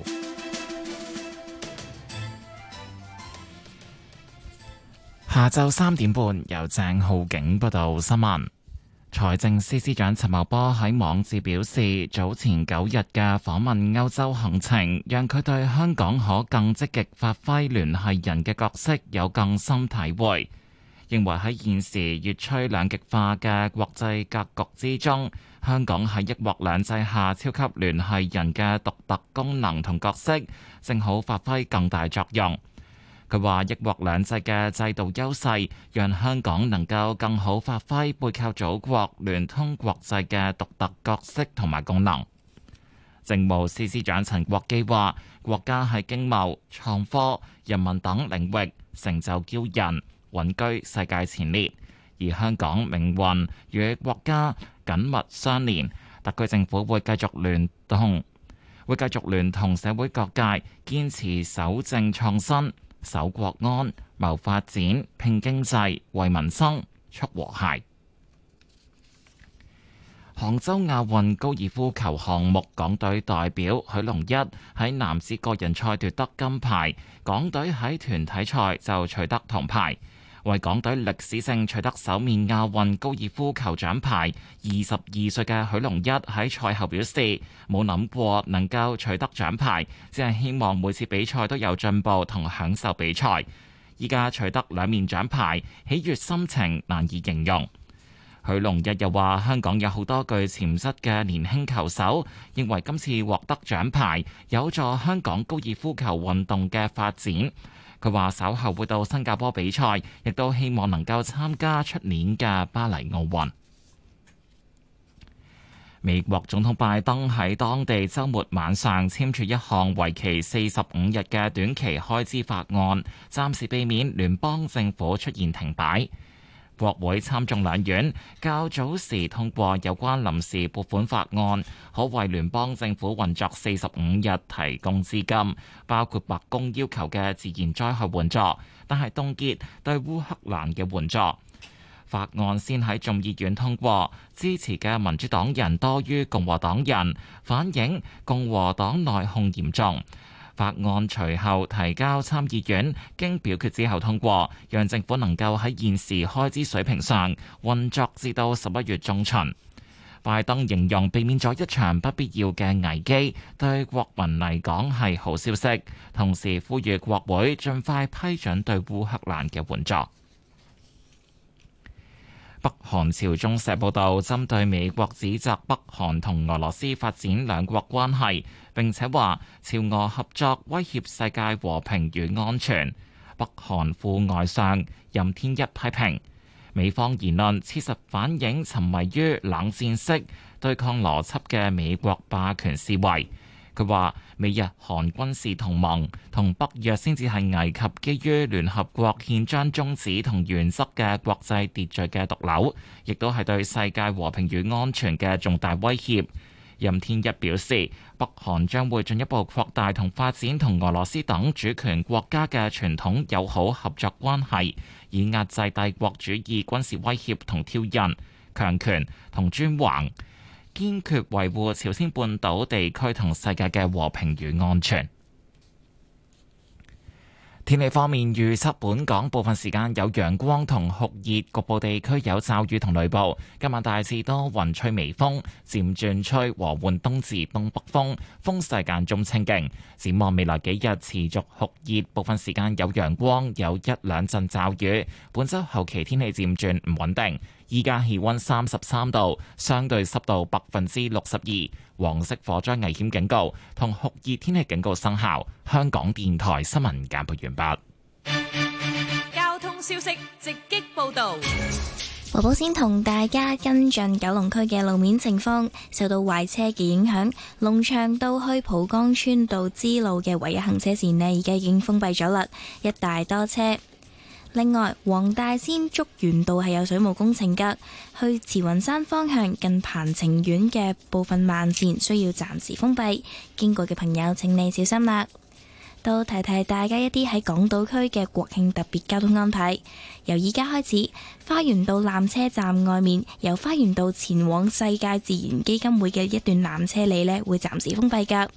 下晝三點半由鄭浩景報道新聞。財政司司長陳茂波喺網誌表示，早前九日嘅訪問歐洲行程，讓佢對香港可更積極發揮聯繫人嘅角色有更深體會。認為喺現時越趨兩極化嘅國際格局之中，香港喺一國兩制下超級聯繫人嘅獨特功能同角色，正好發揮更大作用。佢話：一國兩制嘅制度優勢，讓香港能夠更好發揮背靠祖國、聯通國際嘅獨特角色同埋功能。政務司司長陳國基話：國家喺經貿、創科、人民等領域成就驕人。穩居世界前列，而香港命運與國家緊密相連。特區政府會繼續聯同，會繼續聯同社會各界，堅持守正創新、守國安、謀發展、拼經濟、惠民生、促和諧。杭州亞運高爾夫球項目，港隊代表許龍一喺男子個人賽奪得金牌，港隊喺團體賽就取得銅牌。為港隊歷史性取得首面亞運高爾夫球獎牌，二十二歲嘅許龍一喺賽後表示：冇諗過能夠取得獎牌，只係希望每次比賽都有進步同享受比賽。依家取得兩面獎牌，喜悦心情難以形容。許龍一又話：香港有好多具潛質嘅年輕球手，認為今次獲得獎牌有助香港高爾夫球運動嘅發展。佢話：稍後會到新加坡比賽，亦都希望能夠參加出年嘅巴黎奧運。美國總統拜登喺當地週末晚上簽署一項為期四十五日嘅短期開支法案，暫時避免聯邦政府出現停擺。國會參眾兩院較早時通過有關臨時撥款法案，可為聯邦政府運作四十五日提供資金，包括白宮要求嘅自然災害援助，但係凍結對烏克蘭嘅援助。法案先喺眾議院通過，支持嘅民主黨人多於共和黨人，反映共和黨內訌嚴重。法案隨後提交參議院，經表決之後通過，讓政府能夠喺現時開支水平上運作至到十一月中旬。拜登形容避免咗一場不必要嘅危機，對國民嚟講係好消息，同時呼籲國會盡快批准對烏克蘭嘅援助。北韓朝中社報道，針對美國指責北韓同俄羅斯發展兩國關係，並且話朝俄合作威脅世界和平與安全。北韓副外相任天一批評美方言論，切實反映沉迷於冷戰式對抗邏輯嘅美國霸權思維。佢話：美日韓軍事同盟同北約先至係危及基於聯合國憲章宗旨同原則嘅國際秩序嘅毒瘤，亦都係對世界和平與安全嘅重大威脅。任天一表示，北韓將會進一步擴大同發展同俄羅斯等主權國家嘅傳統友好合作關係，以壓制帝國主義軍事威脅同挑釁、強權同專橫。堅決維護朝鮮半島地區同世界嘅和平與安全。天氣方面，預測本港部分時間有陽光同酷熱，局部地區有驟雨同雷暴。今晚大致多雲，吹微風，漸轉吹和緩東至東北風，風勢間中清勁。展望未來幾日持續酷熱，部分時間有陽光，有一兩陣驟雨。本周後期天氣漸轉唔穩定。依家氣温三十三度，相對濕度百分之六十二，黃色火災危險警告同酷熱天氣警告生效。香港電台新聞簡報完畢。交通消息直擊報道，寶寶先同大家跟進九龍區嘅路面情況。受到壞車嘅影響，龍翔道去浦江村道支路嘅唯一行車線呢，而家已經封閉咗啦，一大多車。另外，黃大仙竹園道係有水務工程噶，去慈雲山方向近鵬程苑嘅部分慢綫需要暫時封閉，經過嘅朋友請你小心啦。都提提大家一啲喺港島區嘅國慶特別交通安排，由而家開始，花園道纜車站外面由花園道前往世界自然基金會嘅一段纜車里呢，會暫時封閉噶。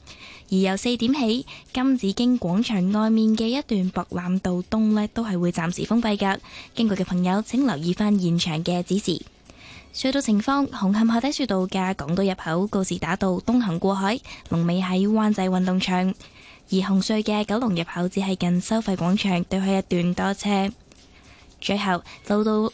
而由四點起，金紫荊廣場外面嘅一段博覽道東咧，都係會暫時封閉噶。經過嘅朋友，請留意翻現場嘅指示。隧道情況，紅磡海底隧道嘅港島入口告士打道東行過海，龍尾喺灣仔運動場；而紅隧嘅九龍入口只係近收費廣場對開一段多車。最後，路到。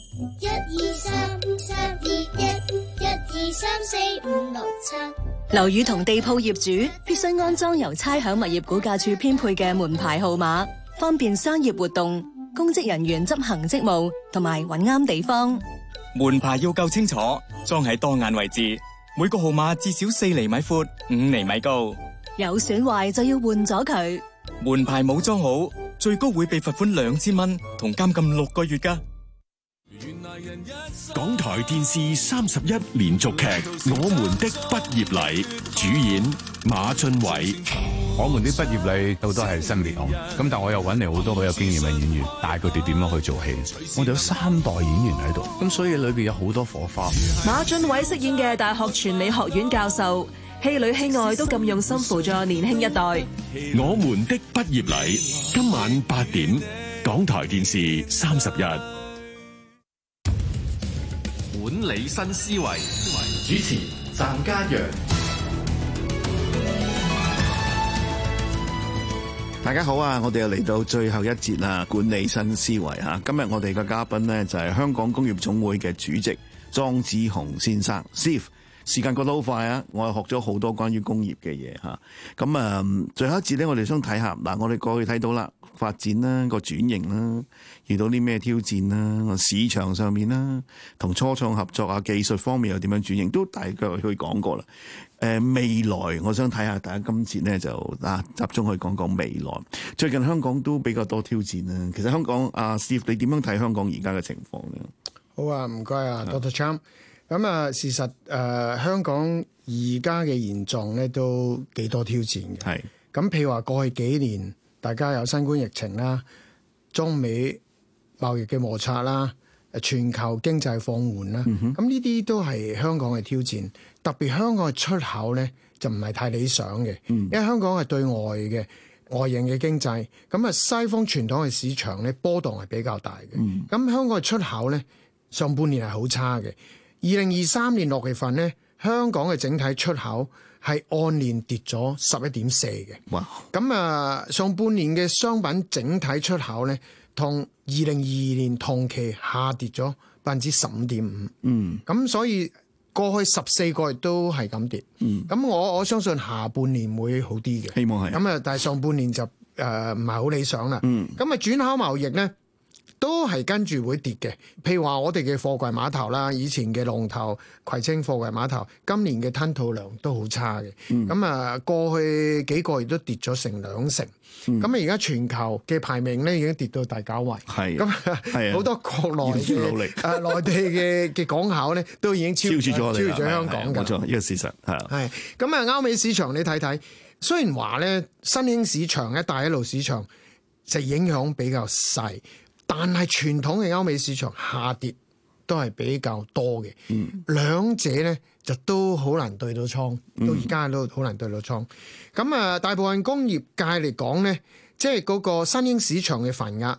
一二三三二一，一二三四五六七。樓宇同地鋪業主必須安裝由差餉物業估價處編配嘅門牌號碼，方便商業活動、公職人員執行職務同埋揾啱地方。門牌要夠清楚，裝喺當眼位置，每個號碼至少四厘米闊，五厘米高。有損壞就要換咗佢。門牌冇裝好，最高會被罰款兩千蚊，同監禁六個月噶。原港台電視三十一連續劇《我們的畢業禮》，主演馬俊偉。我們的畢業禮好多係新面孔，咁但我又揾嚟好多好有經驗嘅演員，帶佢哋點樣去做戲。我哋有三代演員喺度，咁所以裏邊有好多火花。馬俊偉飾演嘅大學傳理學院教授，戲裏戲外都咁用心扶助年輕一代。我們的畢業禮今晚八點，港台電視三十一。管理新思維，思維。主持湛家揚。大家好啊，我哋又嚟到最後一節啦。管理新思維吓，今日我哋嘅嘉賓呢，就係香港工業總會嘅主席莊子雄先生。Steve，時間過得好快啊，我係學咗好多關於工業嘅嘢吓。咁啊，最後一節呢，我哋想睇下嗱，我哋過去睇到啦。發展啦，個轉型啦，遇到啲咩挑戰啦，市場上面啦，同初創合作啊，技術方面又點樣轉型，都大概去講過啦。誒，未來我想睇下大家今次呢，就啊，集中去講講未來。最近香港都比較多挑戰啦。其實香港啊，Steve，你點樣睇香港而家嘅情況呢？好啊，唔該啊，Doctor Cham。咁啊，事實誒、呃，香港而家嘅現狀咧都幾多挑戰嘅。係是。咁譬如話過去幾年。大家有新冠疫情啦、中美貿易嘅摩擦啦、全球經濟放緩啦，咁呢啲都係香港嘅挑戰，特別香港嘅出口咧，就唔係太理想嘅，因為香港係對外嘅外形嘅經濟，咁啊，西方傳統嘅市場咧，波動係比較大嘅。咁香港嘅出口咧，上半年係好差嘅。二零二三年六月份咧，香港嘅整體出口。係按年跌咗十一點四嘅，咁啊 Wow. 上半年嘅商品整體出口咧，同二零二二年同期下跌咗百分之十五點五，嗯、mm.，咁所以過去十四個月都係咁跌，嗯、mm.，咁我我相信下半年會好啲嘅，希望係，咁啊但係上半年就誒唔係好理想啦，嗯，咁啊轉口貿易咧。都係跟住會跌嘅，譬如話我哋嘅貨櫃碼頭啦，以前嘅龍頭葵青貨櫃碼頭，今年嘅吞吐量都好差嘅。咁啊，過去幾個月都跌咗成兩成，咁啊而家全球嘅排名咧已經跌到第九位。係、啊，咁係好多國內要努力誒，內 [LAUGHS] 地嘅嘅港口咧都已經超超越咗香港。冇錯，呢、這個事實係。係咁啊，歐美市場你睇睇，雖然話咧新興市場一帶一路市場就影響比較細。但係傳統嘅歐美市場下跌都係比較多嘅，嗯、兩者咧就都好難對到倉，嗯、到而家都好難對到倉。咁啊，大部分工業界嚟講咧，即係嗰個新興市場嘅份額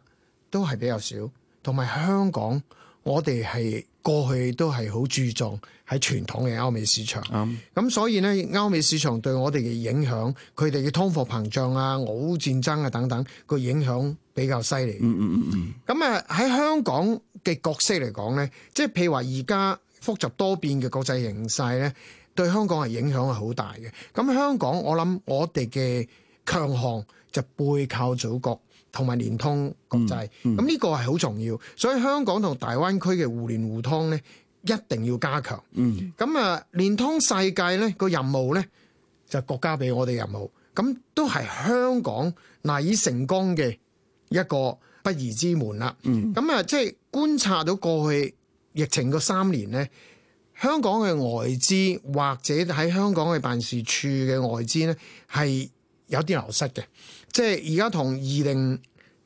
都係比較少，同埋香港我哋係過去都係好注重喺傳統嘅歐美市場。咁、嗯、所以咧，歐美市場對我哋嘅影響，佢哋嘅通貨膨脹啊、澳戰爭啊等等個影響。比較犀利、嗯。嗯嗯嗯嗯。咁啊喺香港嘅角色嚟講咧，即係譬如話而家複雜多變嘅國際形勢咧，對香港係影響係好大嘅。咁香港我諗我哋嘅強項就背靠祖國同埋聯通國際。咁呢、嗯嗯、個係好重要，所以香港同大灣區嘅互聯互通咧，一定要加強。嗯。咁啊，聯通世界咧個任務咧就係國家俾我哋任務，咁都係香港賴以成功嘅。一個不義之門啦。咁啊、嗯，即係觀察到過去疫情個三年咧，香港嘅外資或者喺香港嘅辦事處嘅外資咧，係有啲流失嘅。即係而家同二零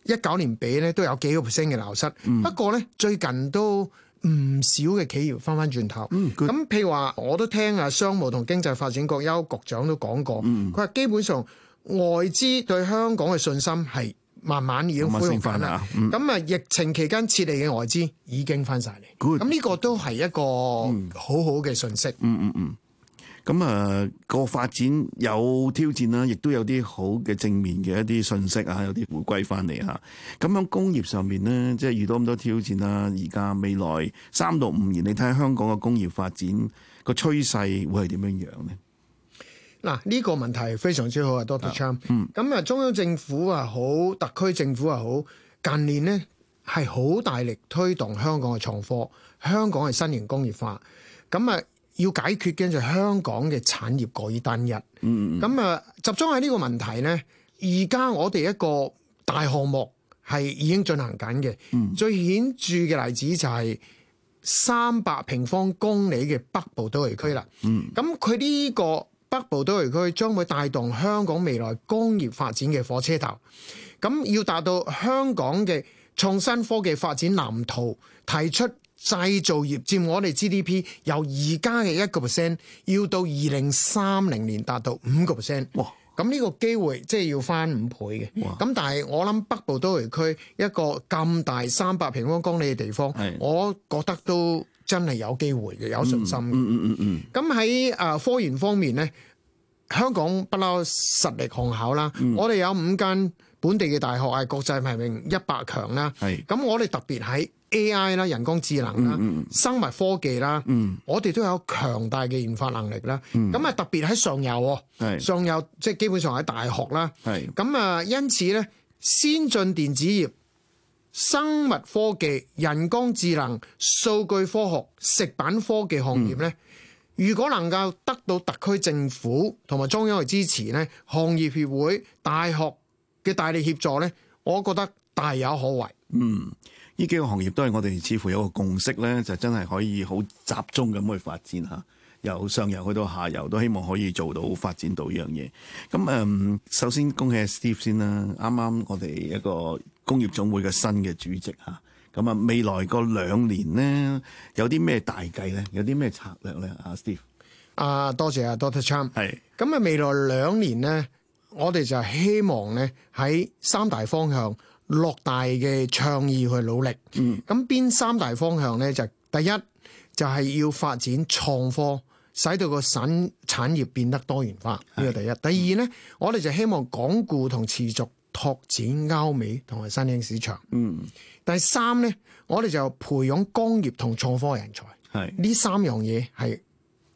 一九年比咧，都有幾個 percent 嘅流失。嗯、不過咧，最近都唔少嘅企業翻翻轉頭。咁、嗯、譬如話，我都聽啊，商務同經濟發展局邱局長都講過，佢話、嗯、基本上外資對香港嘅信心係，慢慢已經恢復翻啦。咁、嗯、啊，疫情期間撤離嘅外資已經翻晒嚟。咁呢 Good, 個都係一個好好嘅信息。咁啊、嗯，個、嗯嗯嗯嗯呃、發展有挑戰啦，亦都有啲好嘅正面嘅一啲信息啊，有啲回歸翻嚟嚇。咁喺工業上面呢，即係遇到咁多挑戰啦。而家未來三到五年，你睇下香港嘅工業發展個趨勢會係點樣樣呢？嗱，呢個問題非常之好啊，Doctor Cham。咁啊，Yeah. 中央政府啊好，特區政府啊好，近年咧係好大力推動香港嘅創科，香港係新型工業化。咁啊，要解決嘅就係香港嘅產業過於單一。咁啊、mm，hmm. 集中喺呢個問題咧，而家我哋一個大項目係已經進行緊嘅。Mm hmm. 最顯著嘅例子就係三百平方公里嘅北部都會區啦。咁佢呢個北部都會區將會帶動香港未來工業發展嘅火車頭，咁要達到香港嘅創新科技發展藍圖，提出製造業佔我哋 GDP 由而家嘅一個 percent，要到二零三零年達到五個 percent，哇！咁呢個機會即係要翻五倍嘅，咁哇但係我諗北部都會區一個咁大三百平方公里嘅地方，的我覺得都。真係有機會嘅，有信心嘅。嗯嗯嗯嗯。咁喺誒科研方面呢，香港不嬲實力雄厚啦。嗯。我哋有五間本地嘅大學係國際排名一百強啦。係。咁我哋特別喺 AI 啦、人工智能啦、生物科技啦，嗯，我哋都有強大嘅研發能力啦。嗯。咁啊，特別喺上游喎。係。上游即係基本上喺大學啦。係。咁啊，因此呢，先進電子業。生物科技、人工智能、數據科學、食品科技行業呢、嗯、如果能夠得到特區政府同埋中央嘅支持呢，行業協會、大學嘅大力協助呢，我覺得大有可為。嗯，呢幾個行業都係我哋似乎有個共識呢，就真係可以好集中咁去發展吓。由上游去到下游，都希望可以做到發展到呢樣嘢。咁誒、嗯，首先恭喜 Steve 先啦。啱啱我哋一個工業總會嘅，新嘅主席吓。咁啊，未來個兩年咧，有啲咩大計咧？有啲咩策略咧？阿 Steve，啊、uh, 多謝啊 Doctor Chan。咁啊是，未來兩年咧，我哋就希望咧，喺三大方向落大嘅倡議去努力。咁邊、mm. 三大方向咧？就第一就係、是、要發展創科。使到個省產業變得多元化，呢個的第一。嗯、第二呢，我哋就希望鞏固同持續拓展歐美同埋新興市場。嗯。第三呢，我哋就培養工業同創科人才。係的。呢三樣嘢係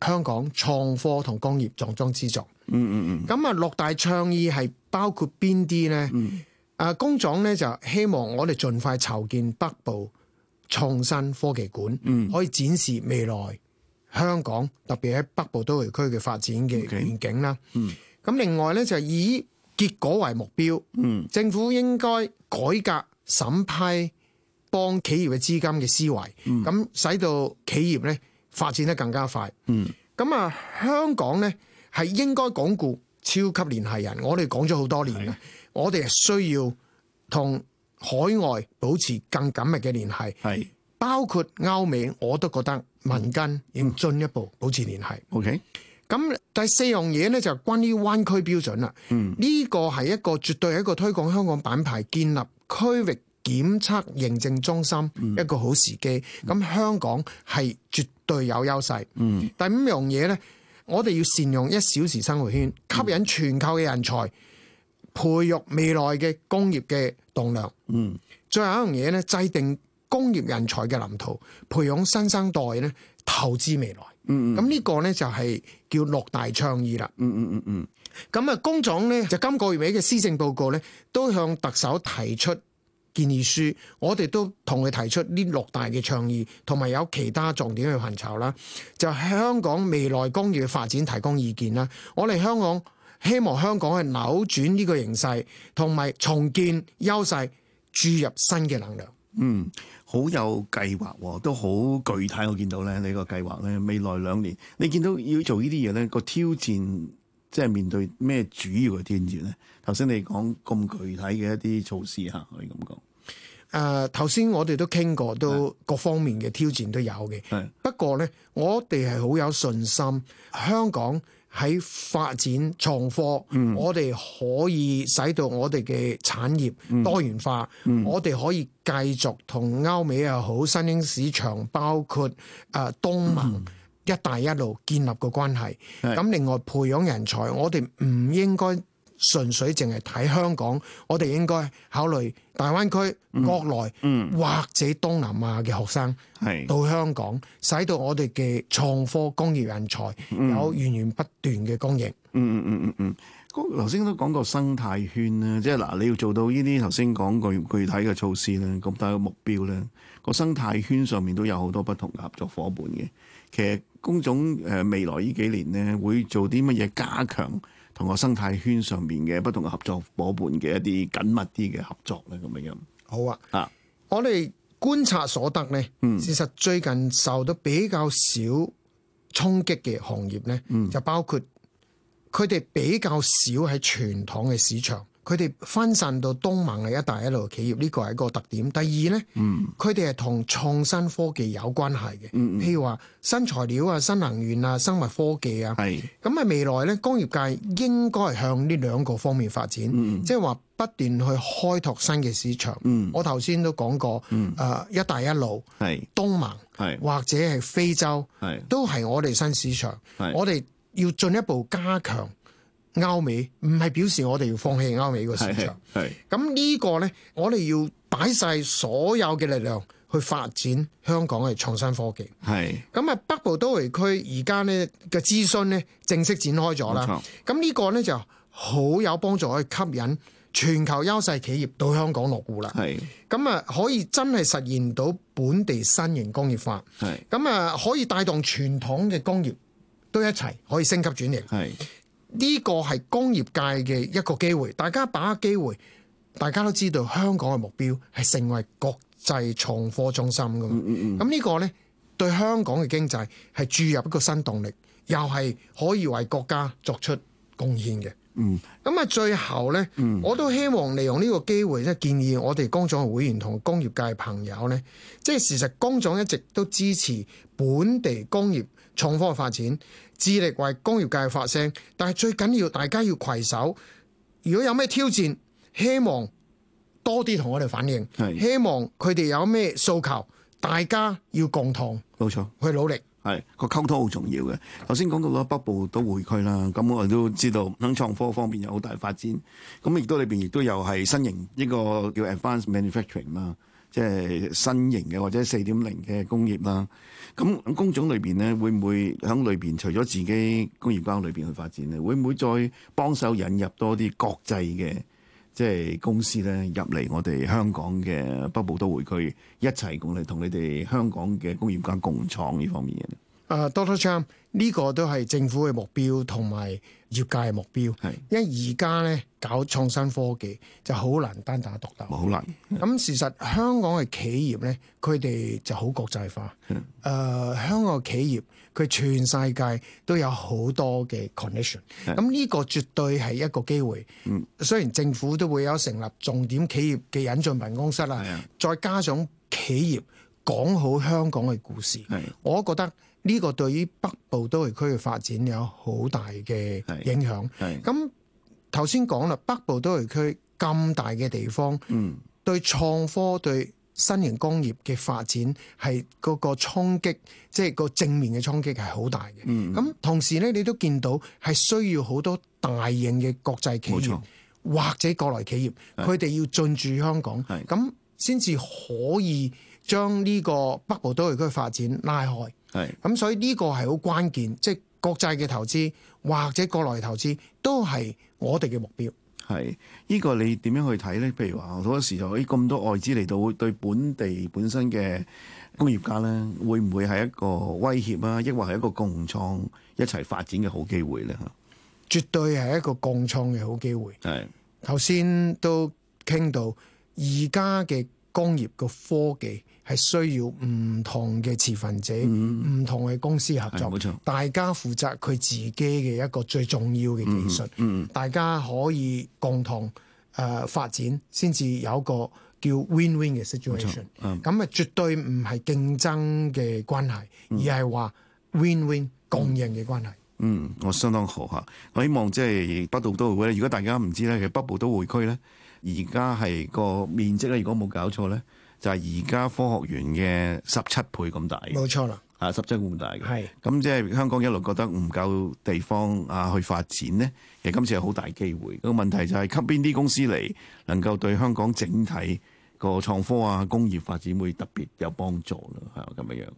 香港創科同工業重中之重。嗯嗯嗯。咁啊，六大倡議係包括邊啲呢？嗯、啊，工廠呢，就希望我哋盡快籌建北部創新科技館，嗯、可以展示未來。香港特別喺北部都會區嘅發展嘅願景啦，咁 Okay .、mm. 另外呢，就係以結果為目標，mm. 政府應該改革審批幫企業嘅資金嘅思維，咁、mm. 使到企業呢發展得更加快。咁啊，香港呢係應該鞏固超級聯繫人，我哋講咗好多年嘅，的我哋係需要同海外保持更緊密嘅聯繫，的包括歐美，我都覺得。民間要進一步保持聯繫，OK？咁第四樣嘢呢就是、關於灣區標準啦。嗯，呢個係一個絕對係一個推廣香港品牌、建立區域檢測認證中心一個好時機。咁、嗯、香港係絕對有優勢。嗯，第五樣嘢呢，我哋要善用一小時生活圈，吸引全球嘅人才，培育未來嘅工業嘅棟樑。嗯，最後一樣嘢呢，制定。工業人才嘅藍圖，培養新生代咧，投資未來。嗯嗯。咁呢個咧就係叫六大倡議啦。嗯嗯嗯嗯。咁啊，工總咧就今個月尾嘅施政報告咧，都向特首提出建議書。我哋都同佢提出呢六大嘅倡議，同埋有其他重點去尋求啦，就是、香港未來工業嘅發展提供意見啦。我哋香港希望香港係扭轉呢個形勢，同埋重建優勢，注入新嘅能量。嗯。好有計劃喎，都好具體。我見到咧，你個計劃咧，未來兩年，你見到要做呢啲嘢咧，這個挑戰即係面對咩主要嘅挑戰咧？頭先你講咁具體嘅一啲措施嚇，可以咁講。誒、呃，頭先我哋都傾過，都各方面嘅挑戰都有嘅。係是。不過咧，我哋係好有信心，香港。喺發展創科，mm. 我哋可以使到我哋嘅產業多元化。Mm. 我哋可以繼續同歐美又好、新興市場，包括誒、呃、東盟、一帶一路建立個關係。咁、mm. 另外培養人才，我哋唔應該。純粹淨係睇香港，我哋應該考慮大灣區、國內或者東南亞嘅學生到香港，使到我哋嘅創科工業人才有源源不斷嘅供應。嗯嗯嗯嗯嗯。個頭先都講過生態圈啦，即係嗱，你要做到呢啲頭先講過具體嘅措施咧，咁大嘅目標咧，個生態圈上面都有好多不同嘅合作夥伴嘅。其實工總誒未來呢幾年咧，會做啲乜嘢加強？同我生態圈上面嘅不同合作夥伴嘅一啲緊密啲嘅合作咧，咁樣樣好啊！啊，我哋觀察所得咧，嗯，事實最近受到比較少衝擊嘅行業咧，嗯，就包括佢哋比較少喺傳統嘅市場。佢哋分散到東盟嘅一帶一路企業，呢個係一個特點。第二呢，佢哋係同創新科技有關係嘅，譬如話新材料啊、新能源啊、生物科技啊。係咁，喺未來呢工業界應該係向呢兩個方面發展，即係話不斷去開拓新嘅市場。我頭先都講過，誒一帶一路、東盟或者係非洲，都係我哋新市場，我哋要進一步加強。歐美唔係表示我哋要放棄歐美個市場，咁呢是個呢，我哋要擺晒所有嘅力量去發展香港嘅創新科技。係咁是是 啊，北部都會區而家呢嘅諮詢呢正式展開咗啦。咁呢沒錯 個呢就好有幫助去吸引全球優勢企業到香港落戶啦。係咁是是 啊，可以真係實現到本地新型工業化。係咁是是 啊，可以帶動傳統嘅工業都一齊可以升級轉型。係。呢個係工業界嘅一個機會，大家把握機會。大家都知道香港嘅目標係成為國際創科中心噶嘛？咁呢、嗯嗯、個呢，對香港嘅經濟係注入一個新動力，又係可以為國家作出貢獻嘅。嗯，咁啊，最後呢，嗯、我都希望利用呢個機會，即建議我哋工總嘅會員同工業界朋友呢，即係事實工總一直都支持本地工業創科嘅發展。致力為工業界發聲，但係最緊要大家要攜手。如果有咩挑戰，希望多啲同我哋反映。是希望佢哋有咩訴求，大家要共同冇錯去努力。係個錯溝通好重要嘅。頭先講到嗰北部都會區啦，咁我都知道響創科方面有好大發展。咁亦都裏邊亦都有係新型一個叫 Advanced Manufacturing 啦。即係新型嘅或者四點零嘅工業啦，咁工種裏邊呢，會唔會響裏邊除咗自己工業界裏邊去發展咧？會唔會再幫手引入多啲國際嘅即係公司咧，入嚟我哋香港嘅北部都會區，一齊共嚟同你哋香港嘅工業家共創呢方面嘅？誒、uh，Doctor Chan，呢個都係政府嘅目標，同埋業界嘅目標。係是，因為而家咧搞創新科技就好難單打獨鬥。好難。咁事實，實香港嘅企業咧，佢哋就好國際化。誒的，uh, 香港嘅企業佢全世界都有好多嘅 connection。咁呢的個絕對係一個機會。嗯的。雖然政府都會有成立重點企業嘅引進辦公室啦，的再加上企業講好香港嘅故事，我覺得。嗯。呢個對於北部都會區嘅發展有好大嘅影響。咁頭先講啦，北部都會區咁大嘅地方，嗯、對創科、對新型工業嘅發展係嗰個衝擊，即係個正面嘅衝擊係好大嘅。咁、嗯、同時咧，你都見到係需要好多大型嘅國際企業錯或者國內企業，佢哋的要進駐香港，咁先至可以將呢個北部都會區嘅發展拉開。係，咁是、嗯、所以呢個係好關鍵，即、就、係、是、國際嘅投資或者國內投資都係我哋嘅目標。係，呢、這個你點樣去睇呢？譬如話好多時候就喺咁多外資嚟到，對本地本身嘅工業家呢，會唔會係一個威脅啊？抑或係一個共創一齊發展嘅好機會呢？吓，絕對係一個共創嘅好機會。係是，頭先都傾到而家嘅工業嘅科技。係需要唔同嘅持份者，唔、嗯、同嘅公司合作，大家負責佢自己嘅一個最重要嘅技術，嗯嗯、大家可以共同誒、呃、發展，先至有一個叫 win-win 嘅 win situation。咁啊，嗯、絕對唔係競爭嘅關係，嗯、而係話 win-win 共贏嘅關係、嗯。嗯，我相當好吓，我希望即係北部都會區。如果大家唔知咧，其實北部都會區咧，而家係個面積咧，如果冇搞錯咧。就係而家科學園嘅十七倍咁大，冇錯啦，啊十七倍咁大嘅，係咁是即係香港一路覺得唔夠地方啊去發展呢，其實今次係好大機會。個問題就係吸邊啲公司嚟能夠對香港整體個創科啊工業發展會特別有幫助咯，係咁樣，樣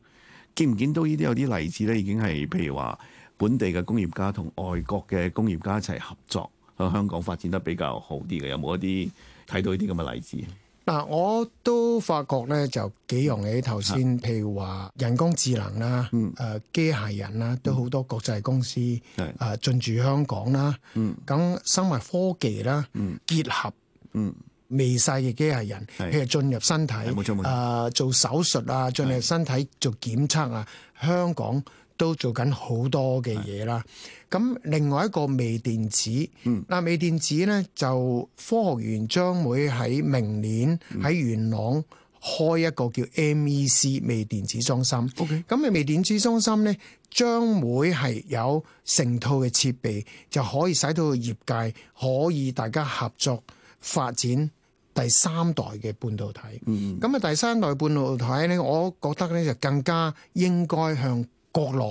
見唔見到呢啲有啲例子咧？已經係譬如話本地嘅工業家同外國嘅工業家一齊合作，喺香港發展得比較好啲嘅，有冇一啲睇到呢啲咁嘅例子？嗱，我都發覺咧就幾容易。頭先譬如話人工智能啦，誒機、嗯呃、械人啦，都好多國際公司誒進駐香港啦。咁、嗯、生物科技啦，結合、嗯、微細嘅機械人，譬是如進入身體誒是、呃、做手術啊，進入身體是做檢測啊，香港都做緊好多嘅嘢啦。咁的另外一個微電子，嗯，嗱微電子咧就科學園將會喺明年喺元朗開一個叫 MEC 微電子中心。OK 咁微電子中心咧將會係有成套嘅設備，就可以使到個業界可以大家合作發展第三代嘅半導體。咁啊，嗯，第三代半導體咧，我覺得咧就更加應該向國內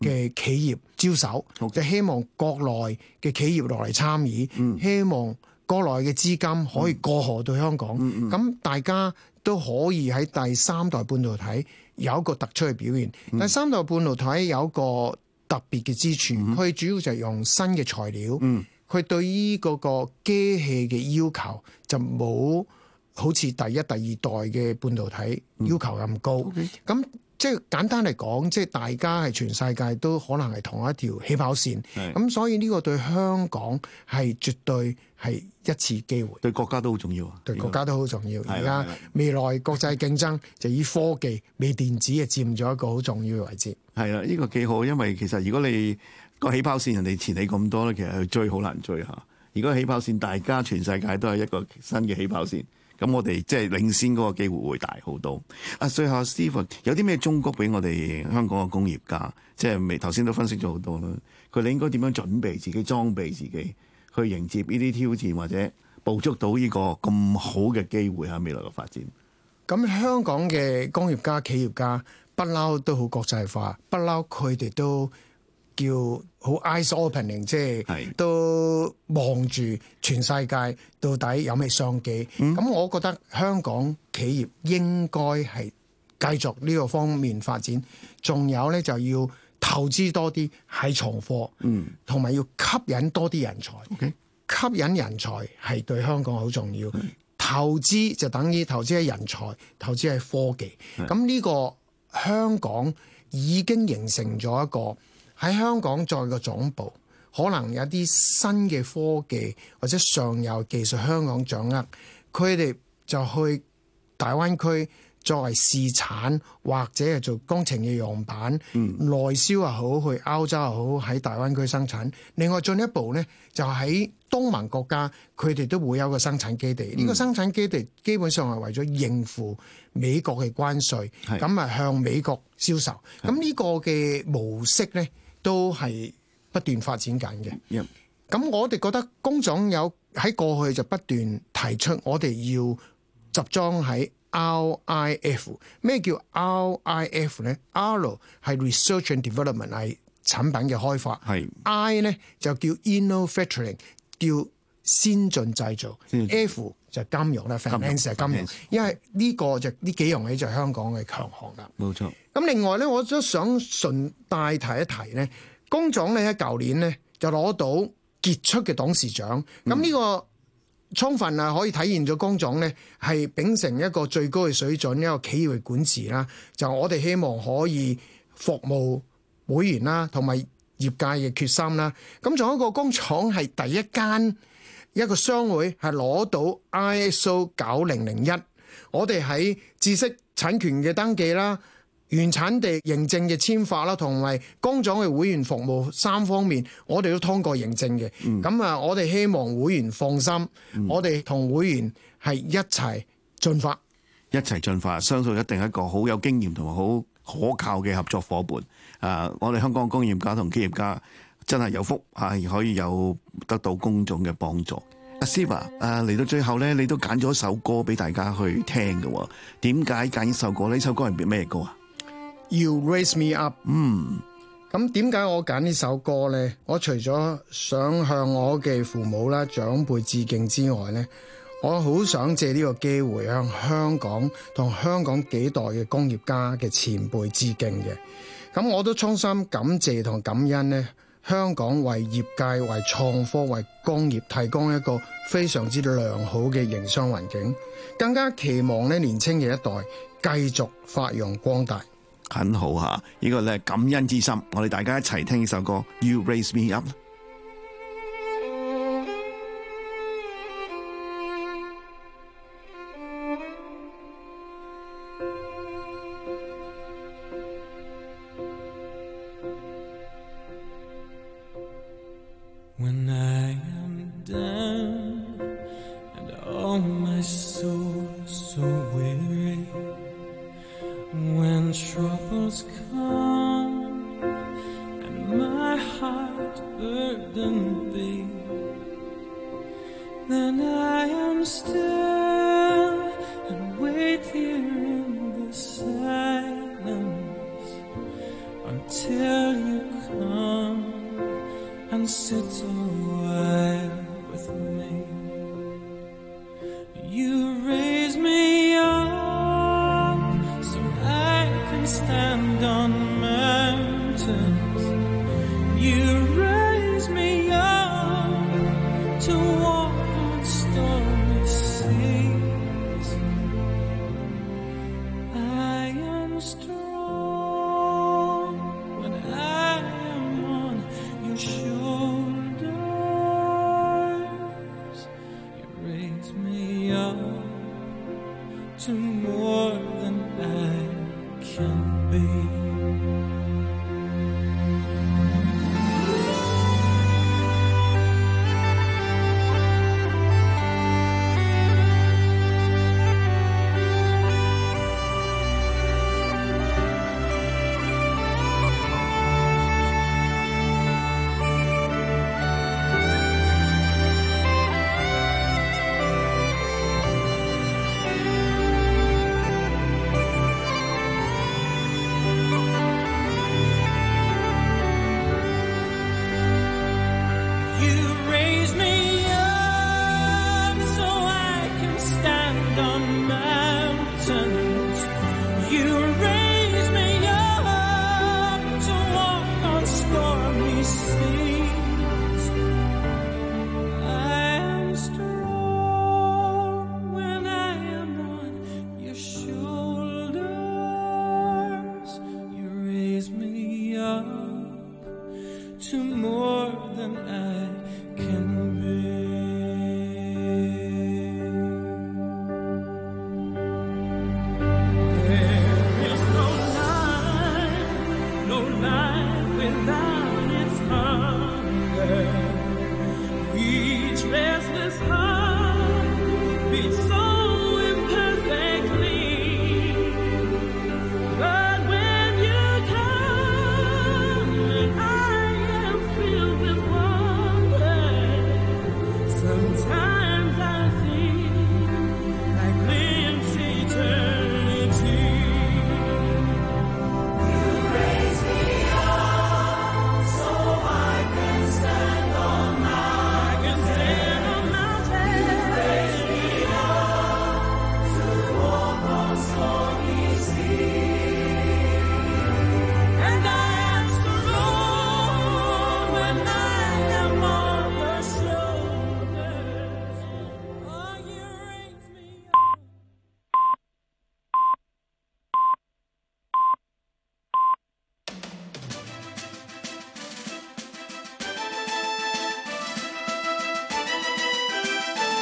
嘅企業招手，Okay. 就希望國內嘅企業落嚟參與，嗯、希望國內嘅資金可以過河到香港。咁、嗯嗯、大家都可以喺第三代半導體有一個突出嘅表現。嗯、第三代半導體有一個特別嘅之處，佢、嗯、主要就係用新嘅材料，佢、嗯、對於嗰個機器嘅要求就冇好似第一、第二代嘅半導體要求咁高。咁、嗯 okay. 嗯即係簡單嚟講，即係大家係全世界都可能係同一條起跑線，咁是所以呢個對香港係絕對係一次機會。對國家都好重要啊！對國家都好重要。而家、呢個、未來國際競爭就以科技、微電子啊，佔咗一個好重要嘅位置。係啦，呢、呢個幾好，因為其實如果你個起跑線人哋前你咁多咧，其實去追好難追嚇、啊。如果起跑線大家全世界都係一個新嘅起跑線。咁我哋即係領先嗰個機會會大好多。啊，最後 Steven 有啲咩忠告俾我哋香港嘅工業家？即係未頭先都分析咗好多啦。佢哋應該點樣準備自己，裝備自己，去迎接呢啲挑戰或者捕捉到呢個咁好嘅機會喺未來嘅發展。咁香港嘅工業家、企業家，不嬲都好國際化，不嬲佢哋都。叫好 eyes-opening，即係都望住全世界到底有咩商機，咁、嗯、我覺得香港企業應該係繼續呢個方面發展，仲有咧就要投資多啲喺藏貨嗯，同埋要吸引多啲人才。Okay. 吸引人才係對香港好重要。嗯、投資就等於投資喺人才，投資喺科技。咁呢、嗯、個香港已經形成咗一個。喺香港再個總部，可能有啲新嘅科技或者上游技術香港掌握，佢哋就去大灣區作為試產，或者係做工程嘅樣板，內銷又好，去歐洲又好，喺大灣區生產。另外進一步咧，就喺東盟國家，佢哋都會有個生產基地。呢個生產基地基本上係為咗應付美國嘅關稅，咁啊向美國銷售。咁呢個嘅模式咧？都係不斷發展緊嘅。咁我哋覺得工總有喺過去就不斷提出，我哋要集裝喺 RIF。咩叫 RIF 咧？R 係 research and development，係產品嘅開發。I 咧就叫 innovating，叫先進製造。就金融啦，finance 係金融，因為呢個就呢幾樣嘢就係香港嘅強項啦。冇錯，咁另外咧，我都想順帶提一提咧，工廠咧喺舊年咧就攞到傑出嘅董事長，咁呢、嗯、個充分係可以體現咗工廠咧係秉承一個最高嘅水準一個企業嘅管治啦。就我哋希望可以服務會員啦，同埋業界嘅決心啦。咁仲有一個工廠係第一間，一個商會係攞到 ISO 九零零一，我哋喺知識產權嘅登記啦、原產地認證嘅簽發啦，同埋工廠嘅會員服務三方面，我哋都通過認證嘅。咁啊、嗯，我哋希望會員放心，嗯、我哋同會員係一齊進發，一齊進發。相信一定係一個好有經驗同埋好可靠嘅合作伙伴。啊、uh，我哋香港工業家同企業家。真係有福，係可以有得到公眾嘅幫助。Steve 啊，嚟到最後咧，你都揀咗首歌俾大家去聽嘅。點解揀呢首歌咧？呢首歌係咩歌啊？You Raise Me Up。嗯，咁點解我揀呢首歌咧？我除咗想向我嘅父母啦、長輩致敬之外咧，我好想借呢個機會向香港同香港幾代嘅工業家嘅前輩致敬嘅。咁我都衷心感謝同感恩咧。香港為業界、為創科、為工業提供一個非常之良好嘅營商環境，更加期望咧年輕嘅一代繼續發揚光大，很好吓。呢、呢個咧感恩之心，我哋大家一齊聽呢首歌《You Raise Me Up》。